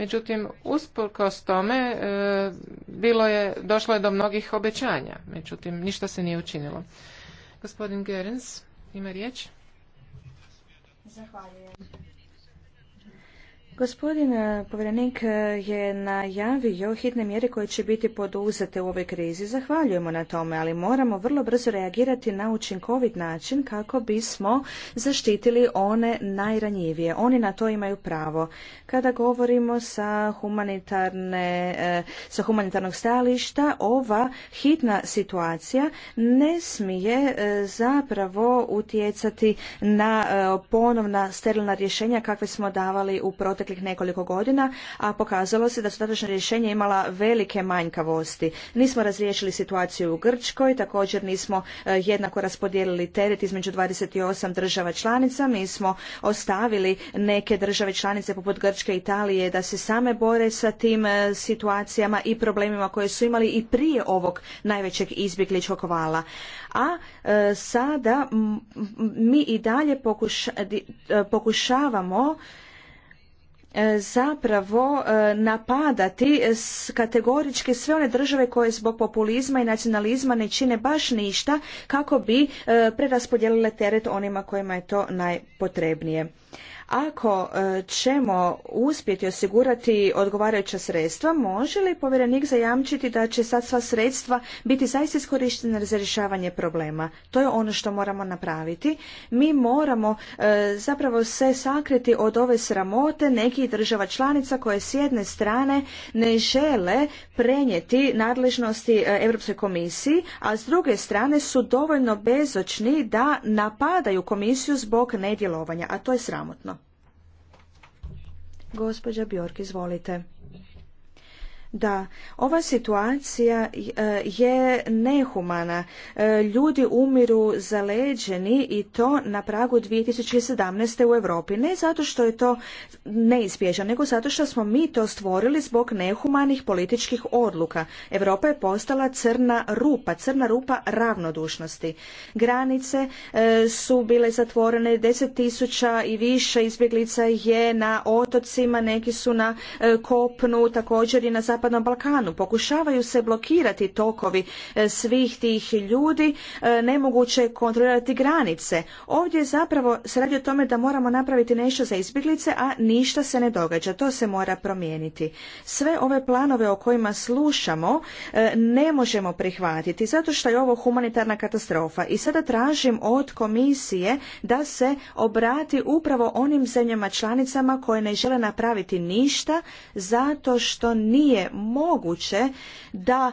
Međutim, usprkos tome e, bilo je, došlo je do mnogih obećanja. Međutim, ništa se nije učinilo. Gospodin Gerens ima riječ. Zahvaljujem. Gospodin eh, povjerenik eh, je najavio hitne mjere koje će biti poduzete u ovoj krizi. Zahvaljujemo na tome, ali moramo vrlo brzo reagirati na učinkovit način kako bismo zaštitili one najranjivije. Oni na to imaju pravo. Kada govorimo sa, humanitarne, eh, sa humanitarnog stajališta, ova hitna situacija ne smije zapravo utjecati na ponovna sterilna rješenja kakve smo davali u protekli nekoliko godina, a pokazalo se da su tadašnja rješenja imala velike manjkavosti. Nismo razriješili situaciju u Grčkoj, također nismo e, jednako raspodijelili teret između 28 država članica, mi smo ostavili neke države članice poput Grčke i Italije da se same bore sa tim e, situacijama i problemima koje su imali i prije ovog najvećeg izbjegličkog vala. A e, sada mi i dalje pokušavamo E, zapravo e, napadati kategorički sve one države koje zbog populizma i nacionalizma ne čine baš ništa kako bi e, preraspodijelile teret onima kojima je to najpotrebnije. Ako e, ćemo uspjeti osigurati odgovarajuća sredstva, može li povjerenik zajamčiti da će sad sva sredstva biti zaista iskorištena za rješavanje problema? To je ono što moramo napraviti. Mi moramo e, zapravo se sakriti od ove sramote nekih država članica koje s jedne strane ne žele prenijeti nadležnosti e, Europskoj komisiji, a s druge strane su dovoljno bezočni da napadaju komisiju zbog nedjelovanja, a to je sramotno. Gospođa Bjork, izvolite. Da, ova situacija e, je nehumana. E, ljudi umiru zaleđeni i to na pragu 2017. u Europi. Ne zato što je to neizbježan, nego zato što smo mi to stvorili zbog nehumanih političkih odluka. Europa je postala crna rupa, crna rupa ravnodušnosti. Granice e, su bile zatvorene, deset tisuća i više izbjeglica je na otocima, neki su na kopnu, također i na Zapadnom Balkanu. Pokušavaju se blokirati tokovi e, svih tih ljudi, e, nemoguće kontrolirati granice. Ovdje zapravo se radi o tome da moramo napraviti nešto za izbjeglice, a ništa se ne događa. To se mora promijeniti. Sve ove planove o kojima slušamo e, ne možemo prihvatiti zato što je ovo humanitarna katastrofa. I sada tražim od komisije da se obrati upravo onim zemljama članicama koje ne žele napraviti ništa zato što nije moguće da e,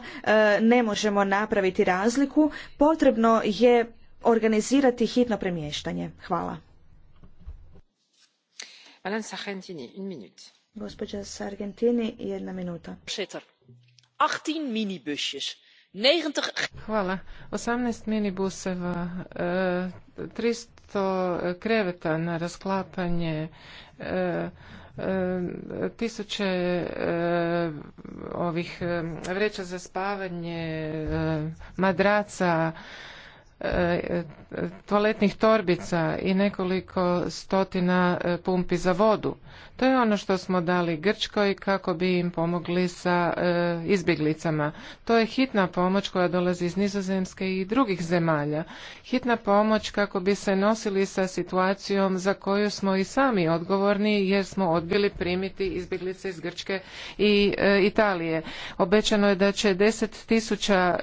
ne možemo napraviti razliku, potrebno je organizirati hitno premještanje. Hvala. Madame Sargentini, une minute. Gospođa Sargentini, jedna minuta. 18 minibusjes. 90... Hvala. 18 minibuseva, 300 e, kreveta na rasklapanje, e, tisuće eh, ovih eh, vreća za spavanje, eh, madraca, toaletnih torbica i nekoliko stotina e, pumpi za vodu. To je ono što smo dali Grčkoj kako bi im pomogli sa e, izbjeglicama. To je hitna pomoć koja dolazi iz Nizozemske i drugih zemalja. Hitna pomoć kako bi se nosili sa situacijom za koju smo i sami odgovorni jer smo odbili primiti izbjeglice iz Grčke i e, Italije. Obećano je da će deset tisuća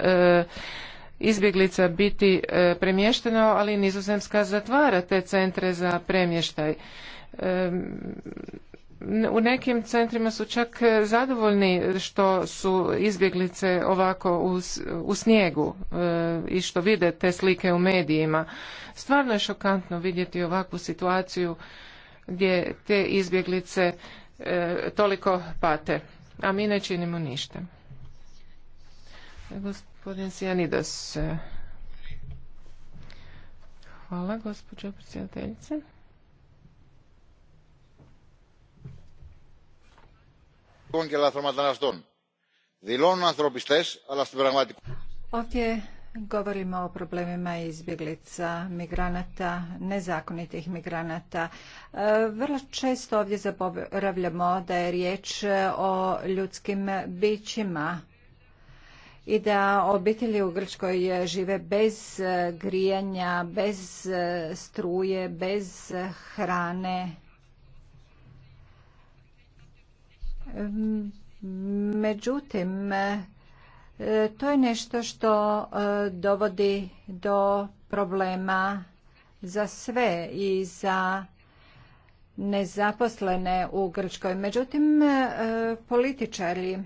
izbjeglica biti e, premješteno, ali Nizozemska zatvara te centre za premještaj. E, u nekim centrima su čak e, zadovoljni što su izbjeglice ovako u snijegu i što vide te slike u medijima. Stvarno je šokantno vidjeti ovakvu situaciju gdje te izbjeglice toliko pate, a mi ne činimo ništa. Gospodin Sijanidas. Hvala, gospođo predsjedateljice. Ovdje govorimo o problemima izbjeglica, migranata, nezakonitih migranata. E, vrlo često ovdje zaboravljamo da je riječ o ljudskim bićima i da obitelji u Grčkoj žive bez e, grijanja, bez e, struje, bez e, hrane. Međutim, to je nešto što dovodi do problema za sve i za nezaposlene u Grčkoj. Međutim, političari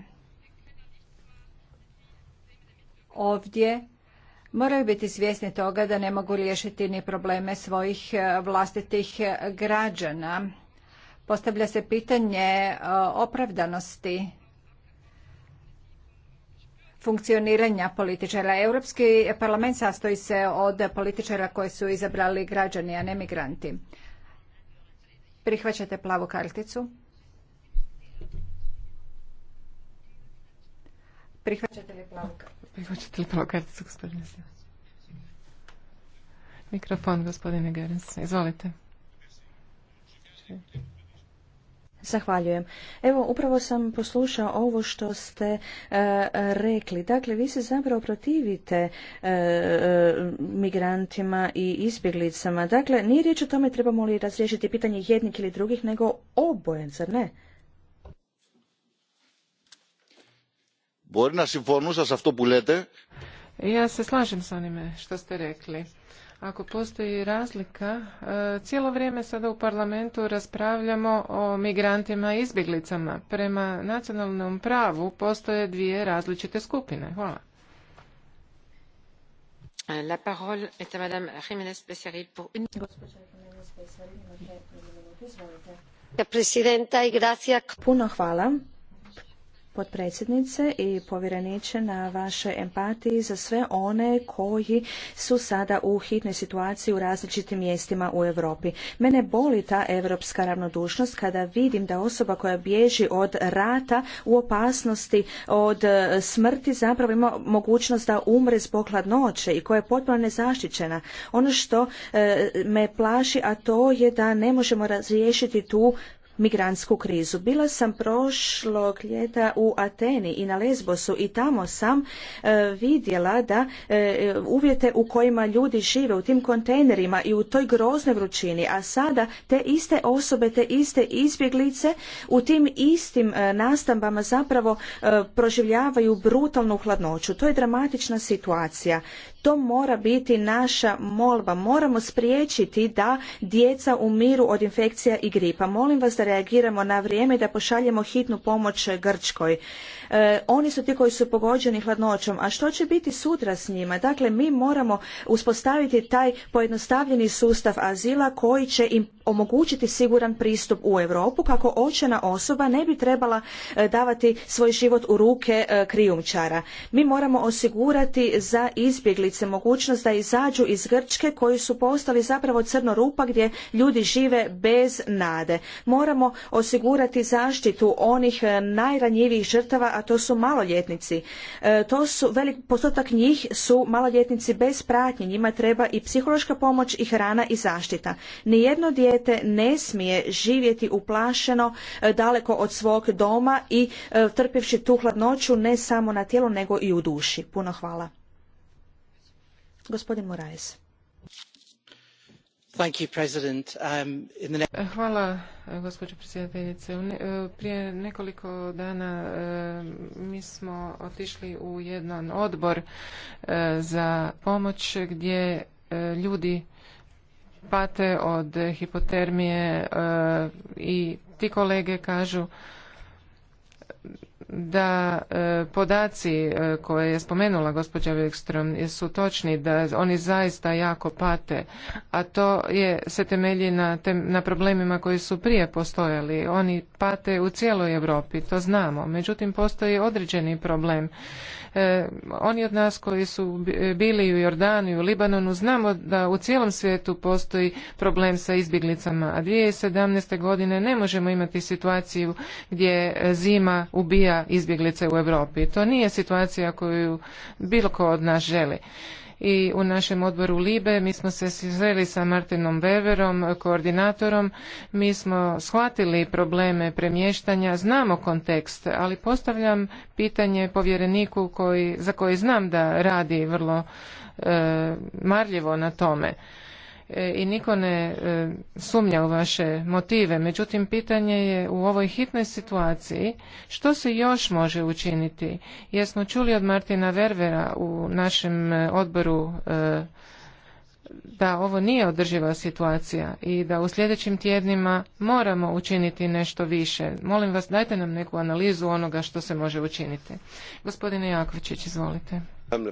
ovdje moraju biti svjesni toga da ne mogu riješiti ni probleme svojih e, vlastitih e, građana. Postavlja se pitanje e, opravdanosti funkcioniranja političara. Europski parlament sastoji se od političara koje su izabrali građani, a ne migranti. Prihvaćate plavu karticu? Prihvaćate li plavu karticu? Prihvaćate li gospodine Mikrofon, gospodine Gerens. Izvolite. Zahvaljujem. Evo, upravo sam poslušao ovo što ste e, rekli. Dakle, vi se zapravo protivite e, e, migrantima i izbjeglicama. Dakle, nije riječ o tome trebamo li razriješiti pitanje jednih ili drugih, nego oboje, zar ne? Μπορεί να συμφωνούσα σε αυτό Ja se slažem s onime što ste rekli. Ako postoji razlika, e, cijelo vrijeme sada u parlamentu raspravljamo o migrantima i izbjeglicama. Prema nacionalnom pravu postoje dvije različite skupine. Hvala. Euh, la parole est à madame Jiménez pour une... Puno hvala potpredsjednice i povjereniče na vašoj empatiji za sve one koji su sada u hitnoj situaciji u različitim mjestima u Europi. Mene boli ta europska ravnodušnost kada vidim da osoba koja bježi od rata u opasnosti od e, smrti zapravo ima mogućnost da umre zbog hladnoće i koja je potpuno nezaštićena. Ono što e, me plaši, a to je da ne možemo razriješiti tu migrantsku krizu. Bila sam prošlog ljeta u Ateni i na Lesbosu i tamo sam e, vidjela da e, uvjete u kojima ljudi žive u tim kontejnerima i u toj groznoj vrućini, a sada te iste osobe, te iste izbjeglice u tim istim e, nastambama zapravo e, proživljavaju brutalnu hladnoću. To je dramatična situacija. To mora biti naša molba. Moramo spriječiti da djeca umiru od infekcija i gripa. Molim vas da reagiramo na vrijeme i da pošaljemo hitnu pomoć Grčkoj. E, oni su ti koji su pogođeni hladnoćom a što će biti sutra s njima dakle mi moramo uspostaviti taj pojednostavljeni sustav azila koji će im omogućiti siguran pristup u Europu kako očena osoba ne bi trebala e, davati svoj život u ruke e, krijumčara mi moramo osigurati za izbjeglice mogućnost da izađu iz Grčke koji su postali zapravo crno rupa gdje ljudi žive bez nade moramo osigurati zaštitu onih najranjivijih žrtava to su maloljetnici. E, to su, velik postotak njih su maloljetnici bez pratnje, njima treba i psihološka pomoć i hrana i zaštita. Nijedno dijete ne smije živjeti uplašeno e, daleko od svog doma i e, trpjevši tu hladnoću ne samo na tijelu nego i u duši. Puno hvala. Gospodin Moraes. Um, Hvala gospođo predsjedateljice. E, prije nekoliko dana e, mi smo otišli u jedan odbor e, za pomoć gdje ljudi pate od hipotermije i ti kolege kažu da e, podaci e, koje je spomenula gospođa Wikström su točni, da oni zaista jako pate, a to je, se temelji na, na problemima koji su prije postojali. Oni pate u cijeloj Europi, to znamo. Međutim, postoji određeni problem E, oni od nas koji su bili u Jordanu i u Libanonu znamo da u cijelom svijetu postoji problem sa izbjeglicama, a 2017. godine ne možemo imati situaciju gdje zima ubija izbjeglice u Europi. To nije situacija koju bilo ko od nas želi i u našem odboru Libe mi smo se sreli sa Martinom Beverom, koordinatorom. Mi smo shvatili probleme premještanja, znamo kontekst, ali postavljam pitanje povjereniku koji, za koji znam da radi vrlo e, marljivo na tome. E, i niko ne e, sumnja u vaše motive. Međutim, pitanje je u ovoj hitnoj situaciji što se još može učiniti. Jesmo čuli od Martina Ververa u našem e, odboru da ovo nije održiva situacija i da u sljedećim tjednima moramo učiniti nešto više. Molim vas, dajte nam neku analizu onoga što se može učiniti. Gospodine Jakovčić, izvolite. Hvala,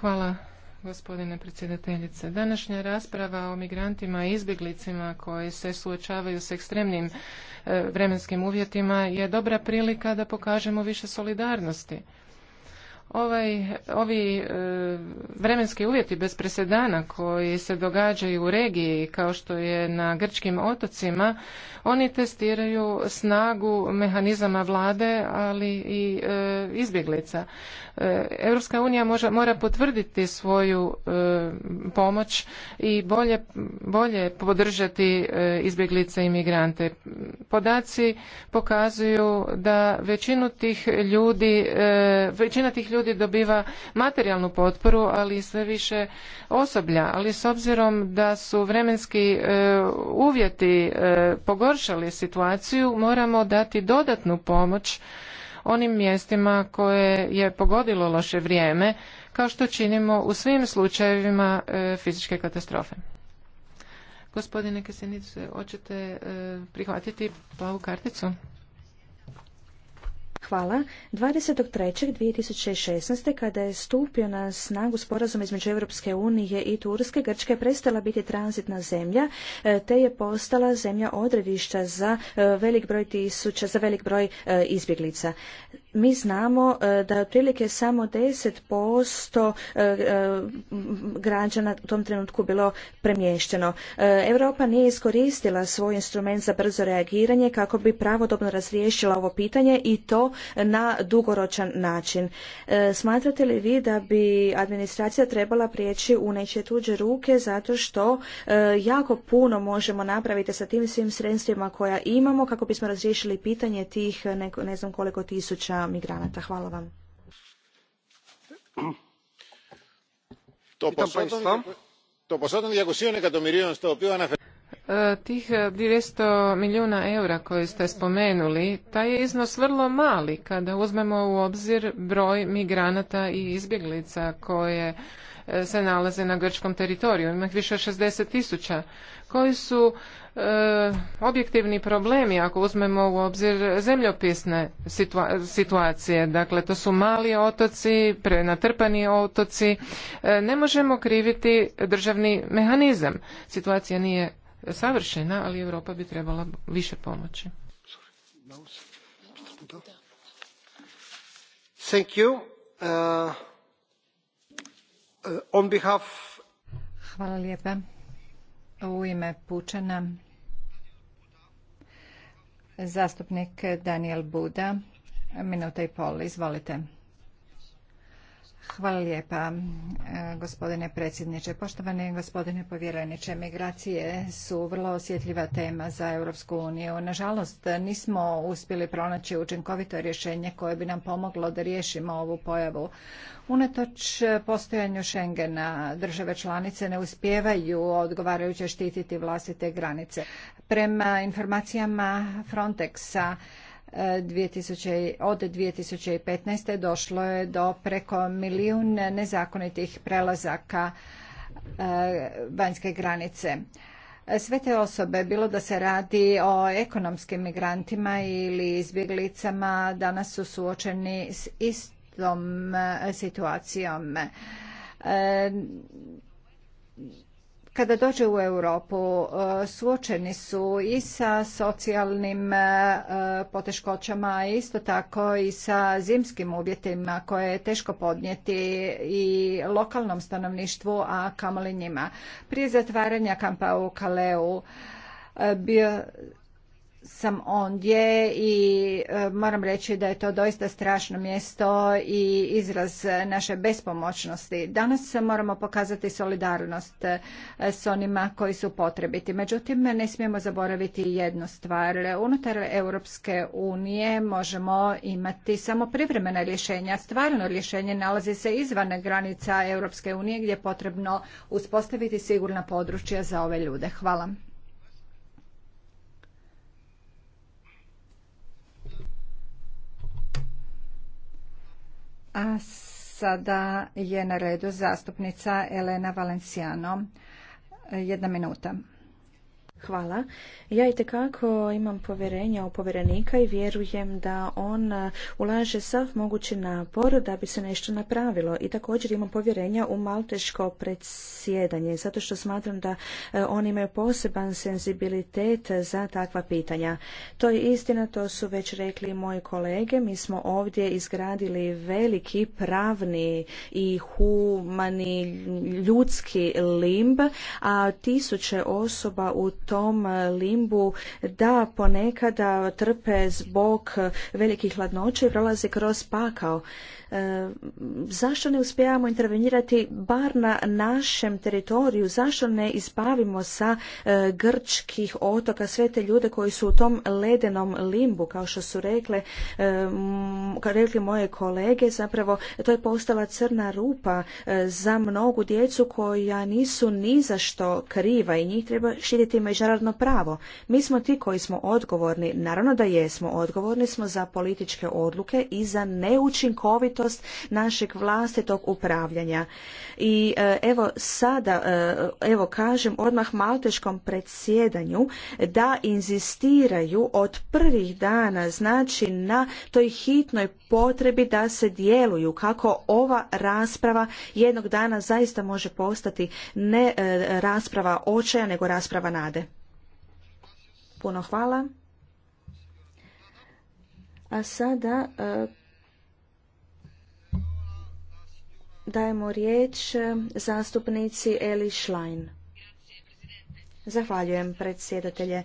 Hvala gospodine predsjedateljice. Današnja rasprava o migrantima i izbjeglicima koji se suočavaju s ekstremnim e, vremenskim uvjetima je dobra prilika da pokažemo više solidarnosti Ovaj, ovi e, vremenski uvjeti bez presedana koji se događaju u regiji kao što je na grčkim otocima, oni testiraju snagu mehanizama vlade, ali i e, izbjeglica. E, Europska unija mora potvrditi svoju pomoć i bolje, bolje podržati izbjeglice i migrante. Podaci pokazuju da većinu tih ljudi, većina tih ljudi ljudi dobiva materijalnu potporu, ali i sve više osoblja. Ali s obzirom da su vremenski e, uvjeti e, pogoršali situaciju, moramo dati dodatnu pomoć onim mjestima koje je pogodilo loše vrijeme, kao što činimo u svim slučajevima e, fizičke katastrofe. Gospodine Kesenice, hoćete prihvatiti plavu karticu? Hvala. 23.2016. kada je stupio na snagu sporazum između Europske unije i Turske, Grčka je prestala biti tranzitna zemlja, e, te je postala zemlja odredišta za e, velik broj tisuća, za velik broj e, izbjeglica. Mi znamo da otprilike samo 10% građana u tom trenutku bilo premješteno. Europa nije iskoristila svoj instrument za brzo reagiranje kako bi pravodobno razriješila ovo pitanje i to na dugoročan način. E, smatrate li vi da bi administracija trebala prijeći u neće tuđe ruke zato što e, jako puno možemo napraviti sa tim svim sredstvima koja imamo kako bismo razriješili pitanje tih ne znam koliko tisuća migranata. Hvala vam. To E, tih 200 milijuna eura koje ste spomenuli, taj je iznos vrlo mali kada uzmemo u obzir broj migranata i izbjeglica koje e, se nalaze na grčkom teritoriju. Ima ih više od 60 tisuća. Koji su e, objektivni problemi ako uzmemo u obzir zemljopisne situacije? Dakle, to su mali otoci, prenatrpani otoci. ne možemo kriviti državni mehanizam. Situacija nije savršena, ali Europa bi trebala više pomoći. Thank you. Uh, uh, on behalf... Hvala lijepa. U ime Pučana zastupnik Daniel Buda, minuta i pol, izvolite. Hvala lijepa, e, gospodine predsjedniče. Poštovani gospodine povjereniče, migracije su vrlo osjetljiva tema za Europsku uniju. Nažalost, nismo uspjeli pronaći učinkovito rješenje koje bi nam pomoglo da riješimo ovu pojavu. Unatoč postojanju Schengena, države članice ne uspijevaju odgovarajuće štititi vlastite granice. Prema informacijama Frontexa, od 2015. došlo je do preko milijun nezakonitih prelazaka e, vanjske granice. Sve te osobe, bilo da se radi o ekonomskim migrantima ili izbjeglicama, danas su suočeni s istom e, situacijom. E, kada dođe u Europu e, suočeni su i sa socijalnim e, poteškoćama, isto tako i sa zimskim uvjetima koje je teško podnijeti i lokalnom stanovništvu, a kamoli njima. Prije zatvaranja kampa u Kaleu e, bio sam ondje i e, moram reći da je to doista strašno mjesto i izraz naše bespomoćnosti. Danas moramo pokazati solidarnost e, s onima koji su potrebiti. Međutim, ne smijemo zaboraviti jednu stvar. Unutar Europske unije možemo imati samo privremena rješenja. Stvarno rješenje nalazi se izvan granica Europske unije gdje je potrebno uspostaviti sigurna područja za ove ljude. Hvala. A sada je na redu zastupnica Elena Valenciano. Jedna minuta. Hvala. Ja i tekako imam povjerenja u povjerenika i vjerujem da on e, ulaže sav mogući napor da bi se nešto napravilo. I također imam povjerenja u malteško predsjedanje, zato što smatram da e, oni imaju poseban senzibilitet za takva pitanja. To je istina, to su već rekli moji kolege. Mi smo ovdje izgradili veliki pravni i humani ljudski limb, a tisuće osoba u tom e, limbu da ponekada trpe zbog velikih hladnoća i prolaze kroz pakao. E, zašto ne uspijevamo intervenirati bar na našem teritoriju? Zašto ne izbavimo sa e, grčkih otoka sve te ljude koji su u tom ledenom limbu, kao što su rekle, rekli moje kolege, zapravo to je postala crna rupa za mnogu djecu koja nisu ni za što kriva i njih treba štititi međunarodno pravo. Mi smo ti koji smo odgovorni, naravno da jesmo, odgovorni smo za političke odluke i za neučinkovitost našeg vlastitog upravljanja. I e, evo sada, e, evo kažem odmah malteškom predsjedanju da inzistiraju od prvih dana, znači na toj hitnoj potrebi da se djeluju kako ova rasprava jednog dana zaista može postati ne e, rasprava očaja nego rasprava nade. Puno hvala. A sada e, dajemo riječ zastupnici Eli Schlein. Zahvaljujem predsjedatelje.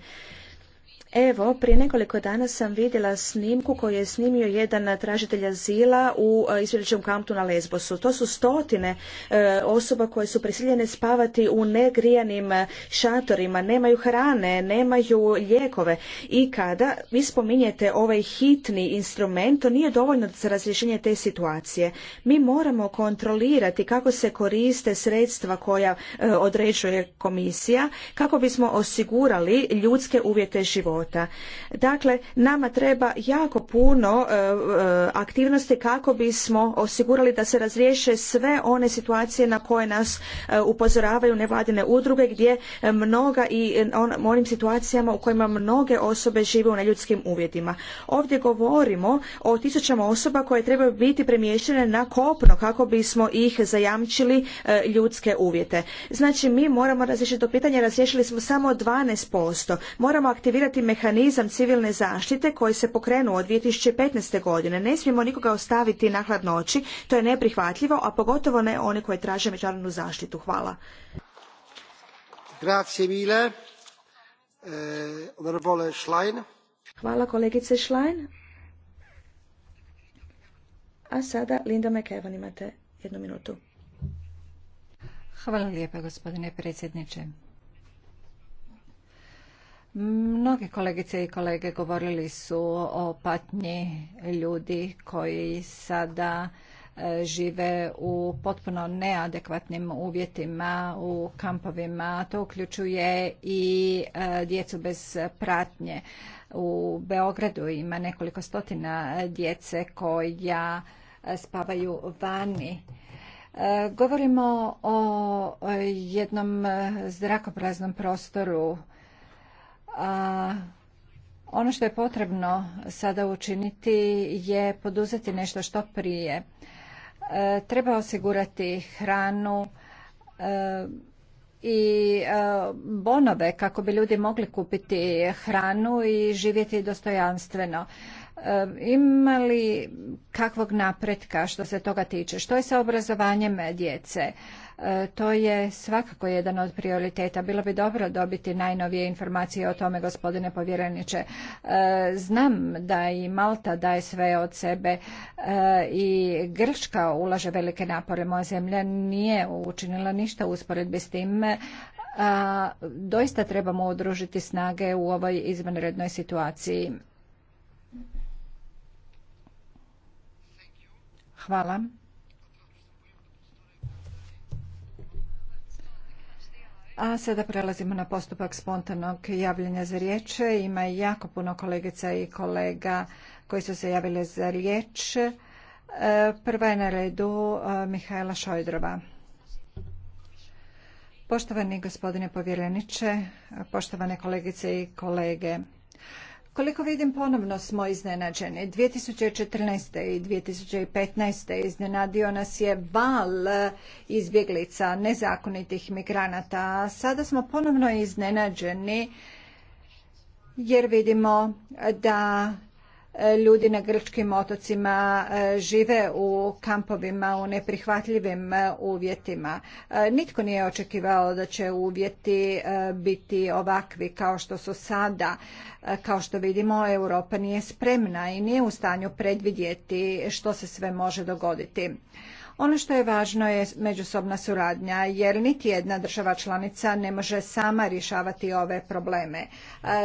Evo, prije nekoliko dana sam vidjela snimku koju je snimio jedan tražitelj azila u e, izvjeličnom kampu na Lesbosu. To su stotine e, osoba koje su prisiljene spavati u negrijanim e, šatorima, nemaju hrane, nemaju lijekove. I kada vi spominjete ovaj hitni instrument, to nije dovoljno za razrješenje te situacije. Mi moramo kontrolirati kako se koriste sredstva koja određuje komisija kako bismo osigurali ljudske uvjete života života. Dakle, nama treba jako puno e, e, aktivnosti kako bismo osigurali da se razriješe sve one situacije na koje nas e, upozoravaju nevladine udruge gdje mnoga i on, onim situacijama u kojima mnoge osobe žive u neljudskim uvjetima. Ovdje govorimo o tisućama osoba koje trebaju biti premještene na kopno kako bismo ih zajamčili ljudske uvjete. Znači mi moramo razriješiti to pitanje, razriješili smo samo 12%. Moramo aktivirati mehanizam civilne zaštite koji se pokrenuo od 2015. godine. Ne smijemo nikoga ostaviti na hladnoći, to je neprihvatljivo, a pogotovo ne one koje traže međunarodnu zaštitu. Hvala. Grazie eh, Schlein. Hvala kolegice Schlein. A sada Linda McEwan, imate jednu minutu. Hvala lijepa gospodine predsjedniče. Mnogi kolegice i kolege govorili su o patnji ljudi koji sada e, žive u potpuno neadekvatnim uvjetima u kampovima. To uključuje i e, djecu bez pratnje. U Beogradu ima nekoliko stotina djece koja e, spavaju vani. Govorimo o jednom zrakopraznom prostoru ono što je potrebno sada učiniti je poduzeti nešto što prije. E, treba osigurati hranu e, i e, bonove kako bi ljudi mogli kupiti hranu i živjeti dostojanstveno. Ima li kakvog napretka što se toga tiče? Što je sa obrazovanjem djece? E, to je svakako jedan od prioriteta. Bilo bi dobro dobiti najnovije informacije o tome, gospodine povjereniče. E, znam da i Malta daje sve od sebe e, i Grčka ulaže velike napore. Moja zemlja nije učinila ništa usporedbi s tim. Doista trebamo udružiti snage u ovoj izvanrednoj situaciji. Hvala. A sada prelazimo na postupak spontanog javljanja za riječ. Ima jako puno kolegica i kolega koji su se javili za riječ. E, prva je na redu e, Mihajla Šojdrova. Poštovani gospodine povjereniče, poštovane kolegice i kolege, koliko vidim, ponovno smo iznenađeni. 2014. i 2015. iznenadio nas je val izbjeglica nezakonitih migranata. Sada smo ponovno iznenađeni jer vidimo da E, ljudi na grčkim otocima e, žive u kampovima u neprihvatljivim e, uvjetima. Nitko nije očekivao da će uvjeti biti ovakvi kao što su sada. Kao što vidimo, Europa nije spremna i nije u stanju predvidjeti što se sve može dogoditi. Ono što je važno je međusobna suradnja, jer niti jedna država članica ne može sama rješavati ove probleme. E,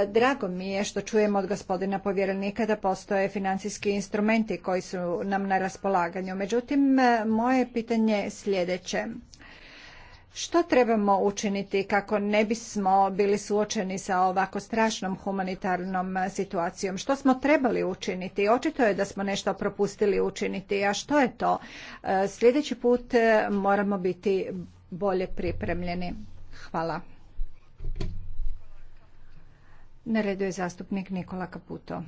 drago mi je što čujemo od gospodina povjerenika da postoje financijski instrumenti koji su nam na raspolaganju. Međutim, e, moje pitanje je sljedeće. Što trebamo učiniti kako ne bismo bili suočeni sa ovako strašnom humanitarnom situacijom? Što smo trebali učiniti? Očito je da smo nešto propustili učiniti, a što je to? E, sljedeći put e, moramo biti bolje pripremljeni. Hvala. Na redu je zastupnik Nikola Kaputo.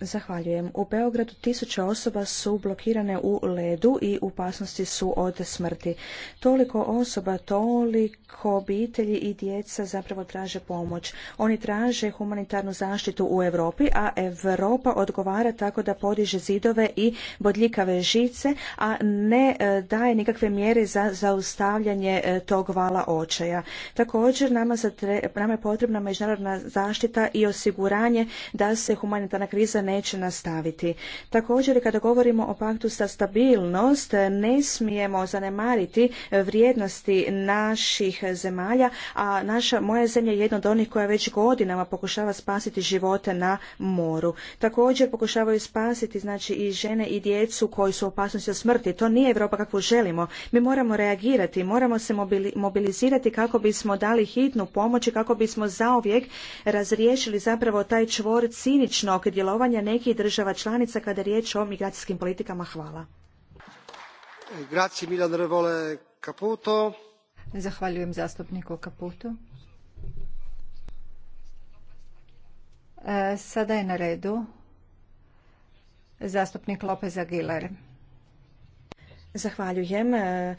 Zahvaljujem. U Beogradu tisuće osoba su blokirane u ledu i u opasnosti su od smrti. Toliko osoba, toliko obitelji i djeca zapravo traže pomoć. Oni traže humanitarnu zaštitu u Europi, a Europa odgovara tako da podiže zidove i bodljikave žice, a ne e, daje nikakve mjere za zaustavljanje e, tog vala očaja. Također nama, nama je potrebna međunarodna zaštita i osiguranje da se humanitarna kriza neće nastaviti. Također, kada govorimo o paktu sa stabilnost, ne smijemo zanemariti vrijednosti naših zemalja, a naša moja zemlja je jedna od onih koja već godinama pokušava spasiti živote na moru. Također pokušavaju spasiti znači i žene i djecu koji su u opasnosti od smrti. To nije Europa kakvu želimo. Mi moramo reagirati, moramo se mobilizirati kako bismo dali hitnu pomoć i kako bismo zauvijek razriješili zapravo taj čvor ciničnog djelovanja nekih država članica kada je riječ o migracijskim politikama. Hvala. Grazie Milan Revole Caputo. Zahvaljujem zastupniku Caputo. E, sada je na redu zastupnik Lopez Aguilar. Zahvaljujem. E,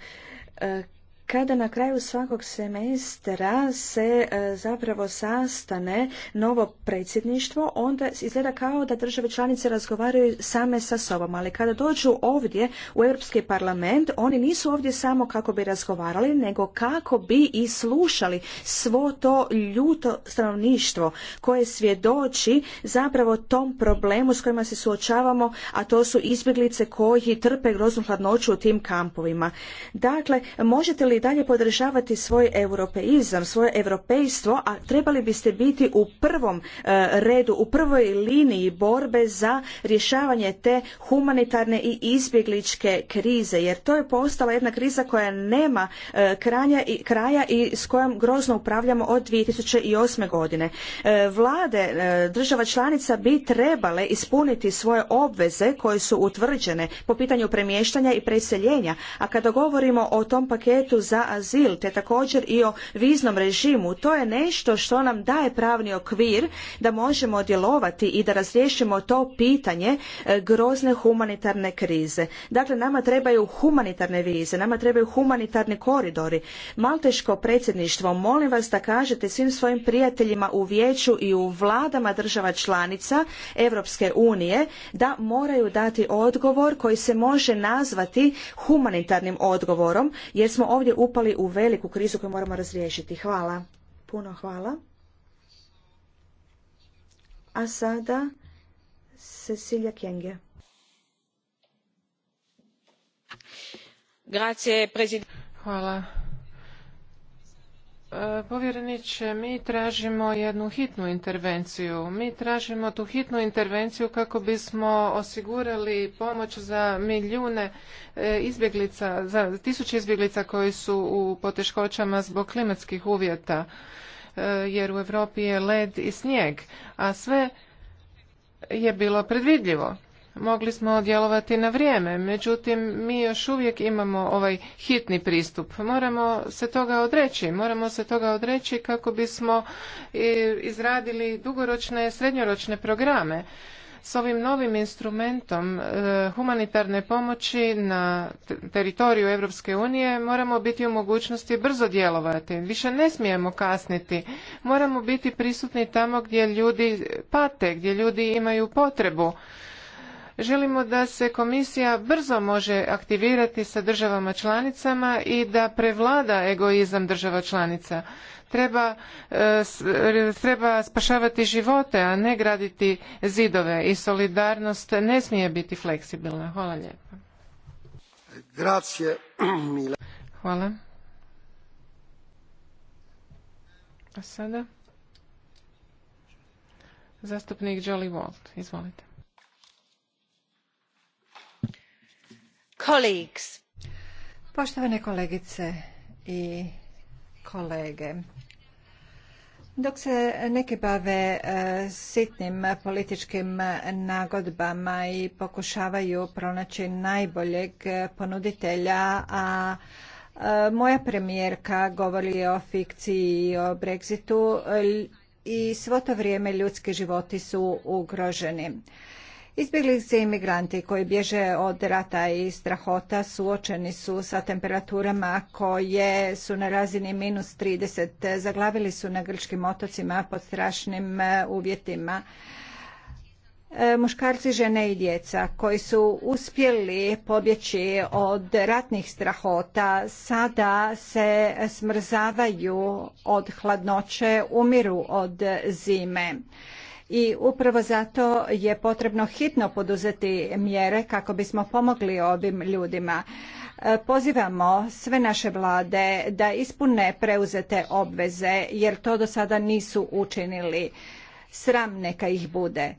e, kada na kraju svakog semestra se e, zapravo sastane novo predsjedništvo, onda izgleda kao da države članice razgovaraju same sa sobom, ali kada dođu ovdje u Europski parlament, oni nisu ovdje samo kako bi razgovarali, nego kako bi i slušali svo to ljuto stanovništvo koje svjedoči zapravo tom problemu s kojima se suočavamo, a to su izbjeglice koji trpe groznu hladnoću u tim kampovima. Dakle, možete li dalje podržavati svoj europeizam, svoje europejstvo, a trebali biste biti u prvom e, redu, u prvoj liniji borbe za rješavanje te humanitarne i izbjegličke krize, jer to je postala jedna kriza koja nema e, i, kraja i s kojom grozno upravljamo od 2008. godine. E, vlade država članica bi trebale ispuniti svoje obveze koje su utvrđene po pitanju premještanja i preseljenja, a kada govorimo o tom paketu za azil, te također i o viznom režimu. To je nešto što nam daje pravni okvir da možemo djelovati i da razriješimo to pitanje e, grozne humanitarne krize. Dakle, nama trebaju humanitarne vize, nama trebaju humanitarni koridori. Malteško predsjedništvo, molim vas da kažete svim svojim prijateljima u vijeću i u vladama država članica Europske unije da moraju dati odgovor koji se može nazvati humanitarnim odgovorom jer smo ovdje upali u veliku krizu koju moramo razriješiti. Hvala. Puno hvala. A sada Cecilia Kenge. Hvala E, povjereniče, mi tražimo jednu hitnu intervenciju. Mi tražimo tu hitnu intervenciju kako bismo osigurali pomoć za milijune e, izbjeglica, za tisuće izbjeglica koji su u poteškoćama zbog klimatskih uvjeta, e, jer u Europi je led i snijeg, a sve je bilo predvidljivo mogli smo djelovati na vrijeme. Međutim, mi još uvijek imamo ovaj hitni pristup. Moramo se toga odreći. Moramo se toga odreći kako bismo izradili dugoročne, srednjoročne programe. S ovim novim instrumentom e, humanitarne pomoći na teritoriju Europske unije moramo biti u mogućnosti brzo djelovati. Više ne smijemo kasniti. Moramo biti prisutni tamo gdje ljudi pate, gdje ljudi imaju potrebu Želimo da se komisija brzo može aktivirati sa državama članicama i da prevlada egoizam država članica. Treba, e, e, spašavati živote, a ne graditi zidove i solidarnost ne smije biti fleksibilna. Hvala lijepa. Hvala. sada? Zastupnik Jolly Walt, izvolite. Colleagues. Poštovane kolegice i kolege, dok se neki bave e, sitnim političkim nagodbama i pokušavaju pronaći najboljeg ponuditelja, a e, moja premijerka govori o fikciji i o Brexitu e, i svo to vrijeme ljudski životi su ugroženi. Izbjeglice i imigranti koji bježe od rata i strahota suočeni su sa temperaturama koje su na razini minus 30. Zaglavili su na grčkim otocima pod strašnim e, uvjetima e, muškarci, žene i djeca koji su uspjeli pobjeći od ratnih strahota sada se smrzavaju od hladnoće, umiru od zime i upravo zato je potrebno hitno poduzeti mjere kako bismo pomogli ovim ljudima. E, pozivamo sve naše vlade da ispune preuzete obveze jer to do sada nisu učinili. Sram neka ih bude.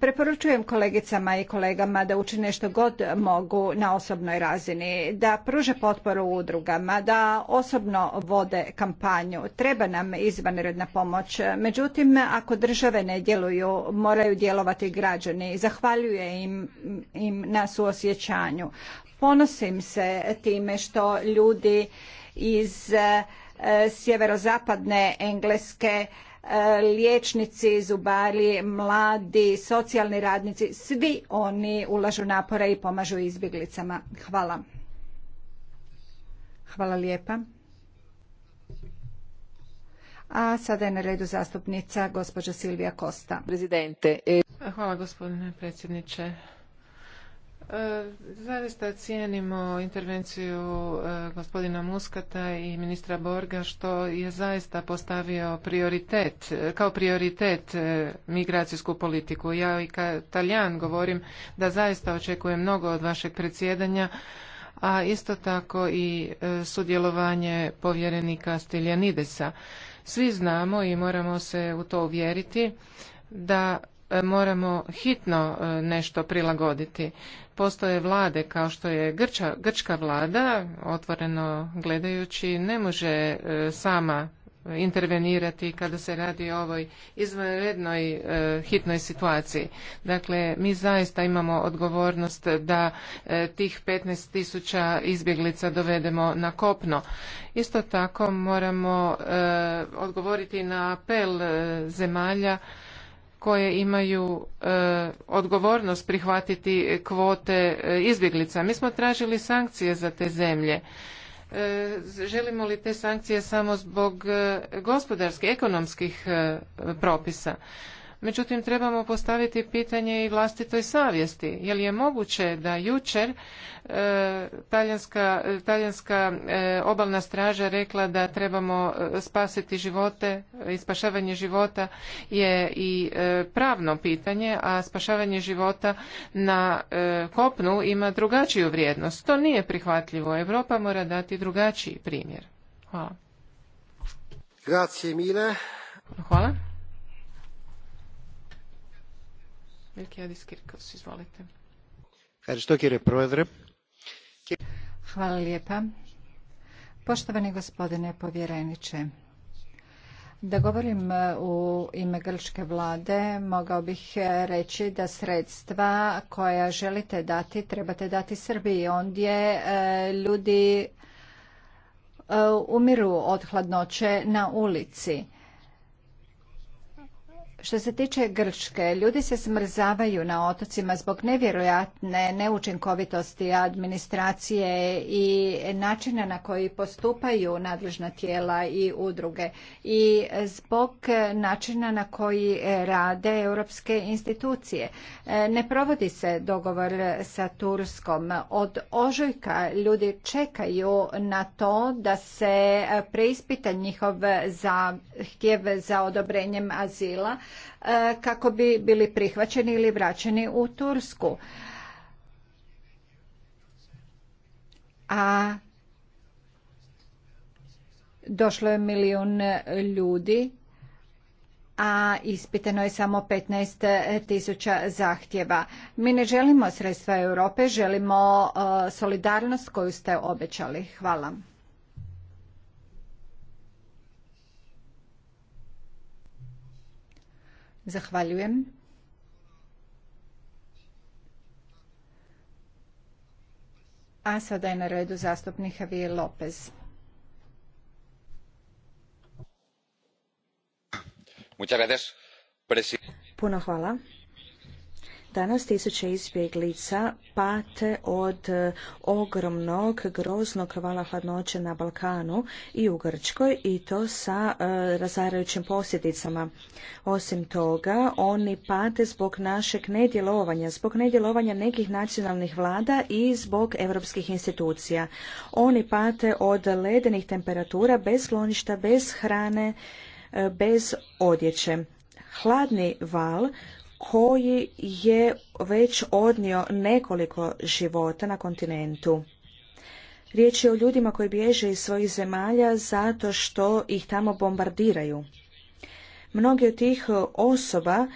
Preporučujem kolegicama i kolegama da učine što god mogu na osobnoj razini, da pruže potporu udrugama, da osobno vode kampanju. Treba nam izvanredna pomoć. Međutim, ako države ne djeluju, moraju djelovati građani. Zahvaljuje im, im na suosjećanju. Ponosim se time što ljudi iz eh, sjeverozapadne Engleske liječnici, zubari, mladi, socijalni radnici, svi oni ulažu napore i pomažu izbjeglicama. Hvala. Hvala lijepa. A sada je na redu zastupnica gospođa Silvija Kosta. E- Hvala gospodine predsjedniče. E, zaista cijenimo intervenciju e, gospodina Muskata i ministra Borga što je zaista postavio prioritet, e, kao prioritet migracijsku politiku. Ja i kao Talijan govorim da zaista očekujem mnogo od vašeg predsjedanja, a isto tako i sudjelovanje povjerenika Stiljanidesa. Svi znamo i moramo se u to uvjeriti da E, moramo hitno e, nešto prilagoditi. Postoje vlade kao što je Grča, grčka vlada, otvoreno gledajući, ne može e, sama intervenirati kada se radi o ovoj izvanrednoj hitnoj situaciji. Dakle, mi zaista imamo odgovornost da tih 15.000 izbjeglica dovedemo na kopno. Isto tako moramo odgovoriti na apel zemalja koje imaju e, odgovornost prihvatiti kvote e, izbjeglica. Mi smo tražili sankcije za te zemlje. E, želimo li te sankcije samo zbog gospodarskih, ekonomskih propisa? Međutim, trebamo postaviti pitanje i vlastitoj savjesti. Je li je moguće da jučer e, talijanska, talijanska e, obalna straža rekla da trebamo e, spasiti živote, i spašavanje života je i pravno pitanje, a spašavanje života na kopnu ima drugačiju vrijednost. To nije prihvatljivo. Europa mora dati drugačiji primjer. Hvala. Grazie mille. Hvala. Hvala Poštovani gospodine povjereniče, da govorim u ime grčke vlade, mogao bih reći da sredstva koja želite dati, trebate dati Srbiji. Ondje e, ljudi e, umiru od hladnoće na ulici. Što se tiče Grčke, ljudi se smrzavaju na otocima zbog nevjerojatne neučinkovitosti administracije i načina na koji postupaju nadležna tijela i udruge i zbog načina na koji rade europske institucije. Ne provodi se dogovor sa Turskom. Od ožujka ljudi čekaju na to da se preispita njihov zahtjev za odobrenjem azila E, kako bi bili prihvaćeni ili vraćeni u Tursku. A došlo je milijun ljudi a ispitano je samo 15 tisuća zahtjeva. Mi ne želimo sredstva Europe, želimo e, solidarnost koju ste obećali. Hvala. Zahvaljujem. A sada je na redu zastupnik Javier Lopez. Puno hvala Danas tisuće izbjeglica pate od e, ogromnog, groznog vala hladnoće na Balkanu i u Grčkoj i to sa e, razarajućim posljedicama. Osim toga, oni pate zbog našeg nedjelovanja, zbog nedjelovanja nekih nacionalnih vlada i zbog europskih institucija. Oni pate od ledenih temperatura, bez skloništa, bez hrane, e, bez odjeće. Hladni val koji je već odnio nekoliko života na kontinentu. Riječ je o ljudima koji bježe iz svojih zemalja zato što ih tamo bombardiraju. Mnogi od tih osoba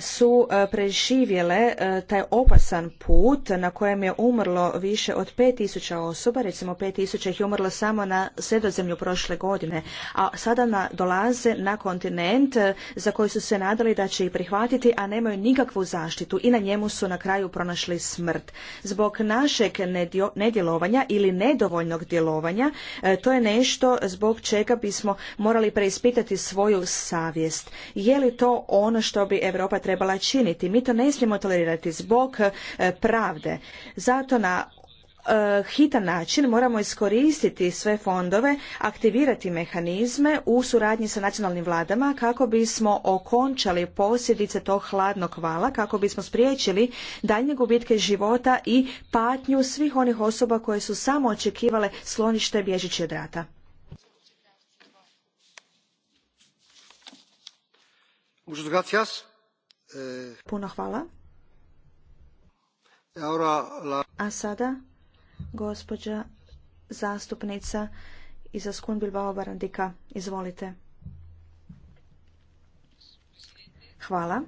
su e, preživjele e, taj opasan put na kojem je umrlo više od 5000 osoba, recimo 5000 ih je umrlo samo na sredozemlju prošle godine, a sada dolaze na kontinent e, za koji su se nadali da će ih prihvatiti, a nemaju nikakvu zaštitu i na njemu su na kraju pronašli smrt. Zbog našeg nedjelovanja ili nedovoljnog djelovanja, to je nešto zbog čega bismo morali preispitati svoju savjest. Je li to ono što bi Europa trebala činiti. Mi to ne smijemo tolerirati zbog e, pravde. Zato na e, hitan način moramo iskoristiti sve fondove, aktivirati mehanizme u suradnji sa nacionalnim vladama kako bismo okončali posljedice tog hladnog vala, kako bismo spriječili daljnje gubitke života i patnju svih onih osoba koje su samo očekivale slonište bježiće od rata. Puno hvala. A sada gospođa zastupnica iz Askun Bilbao Barandika. Izvolite. Hvala.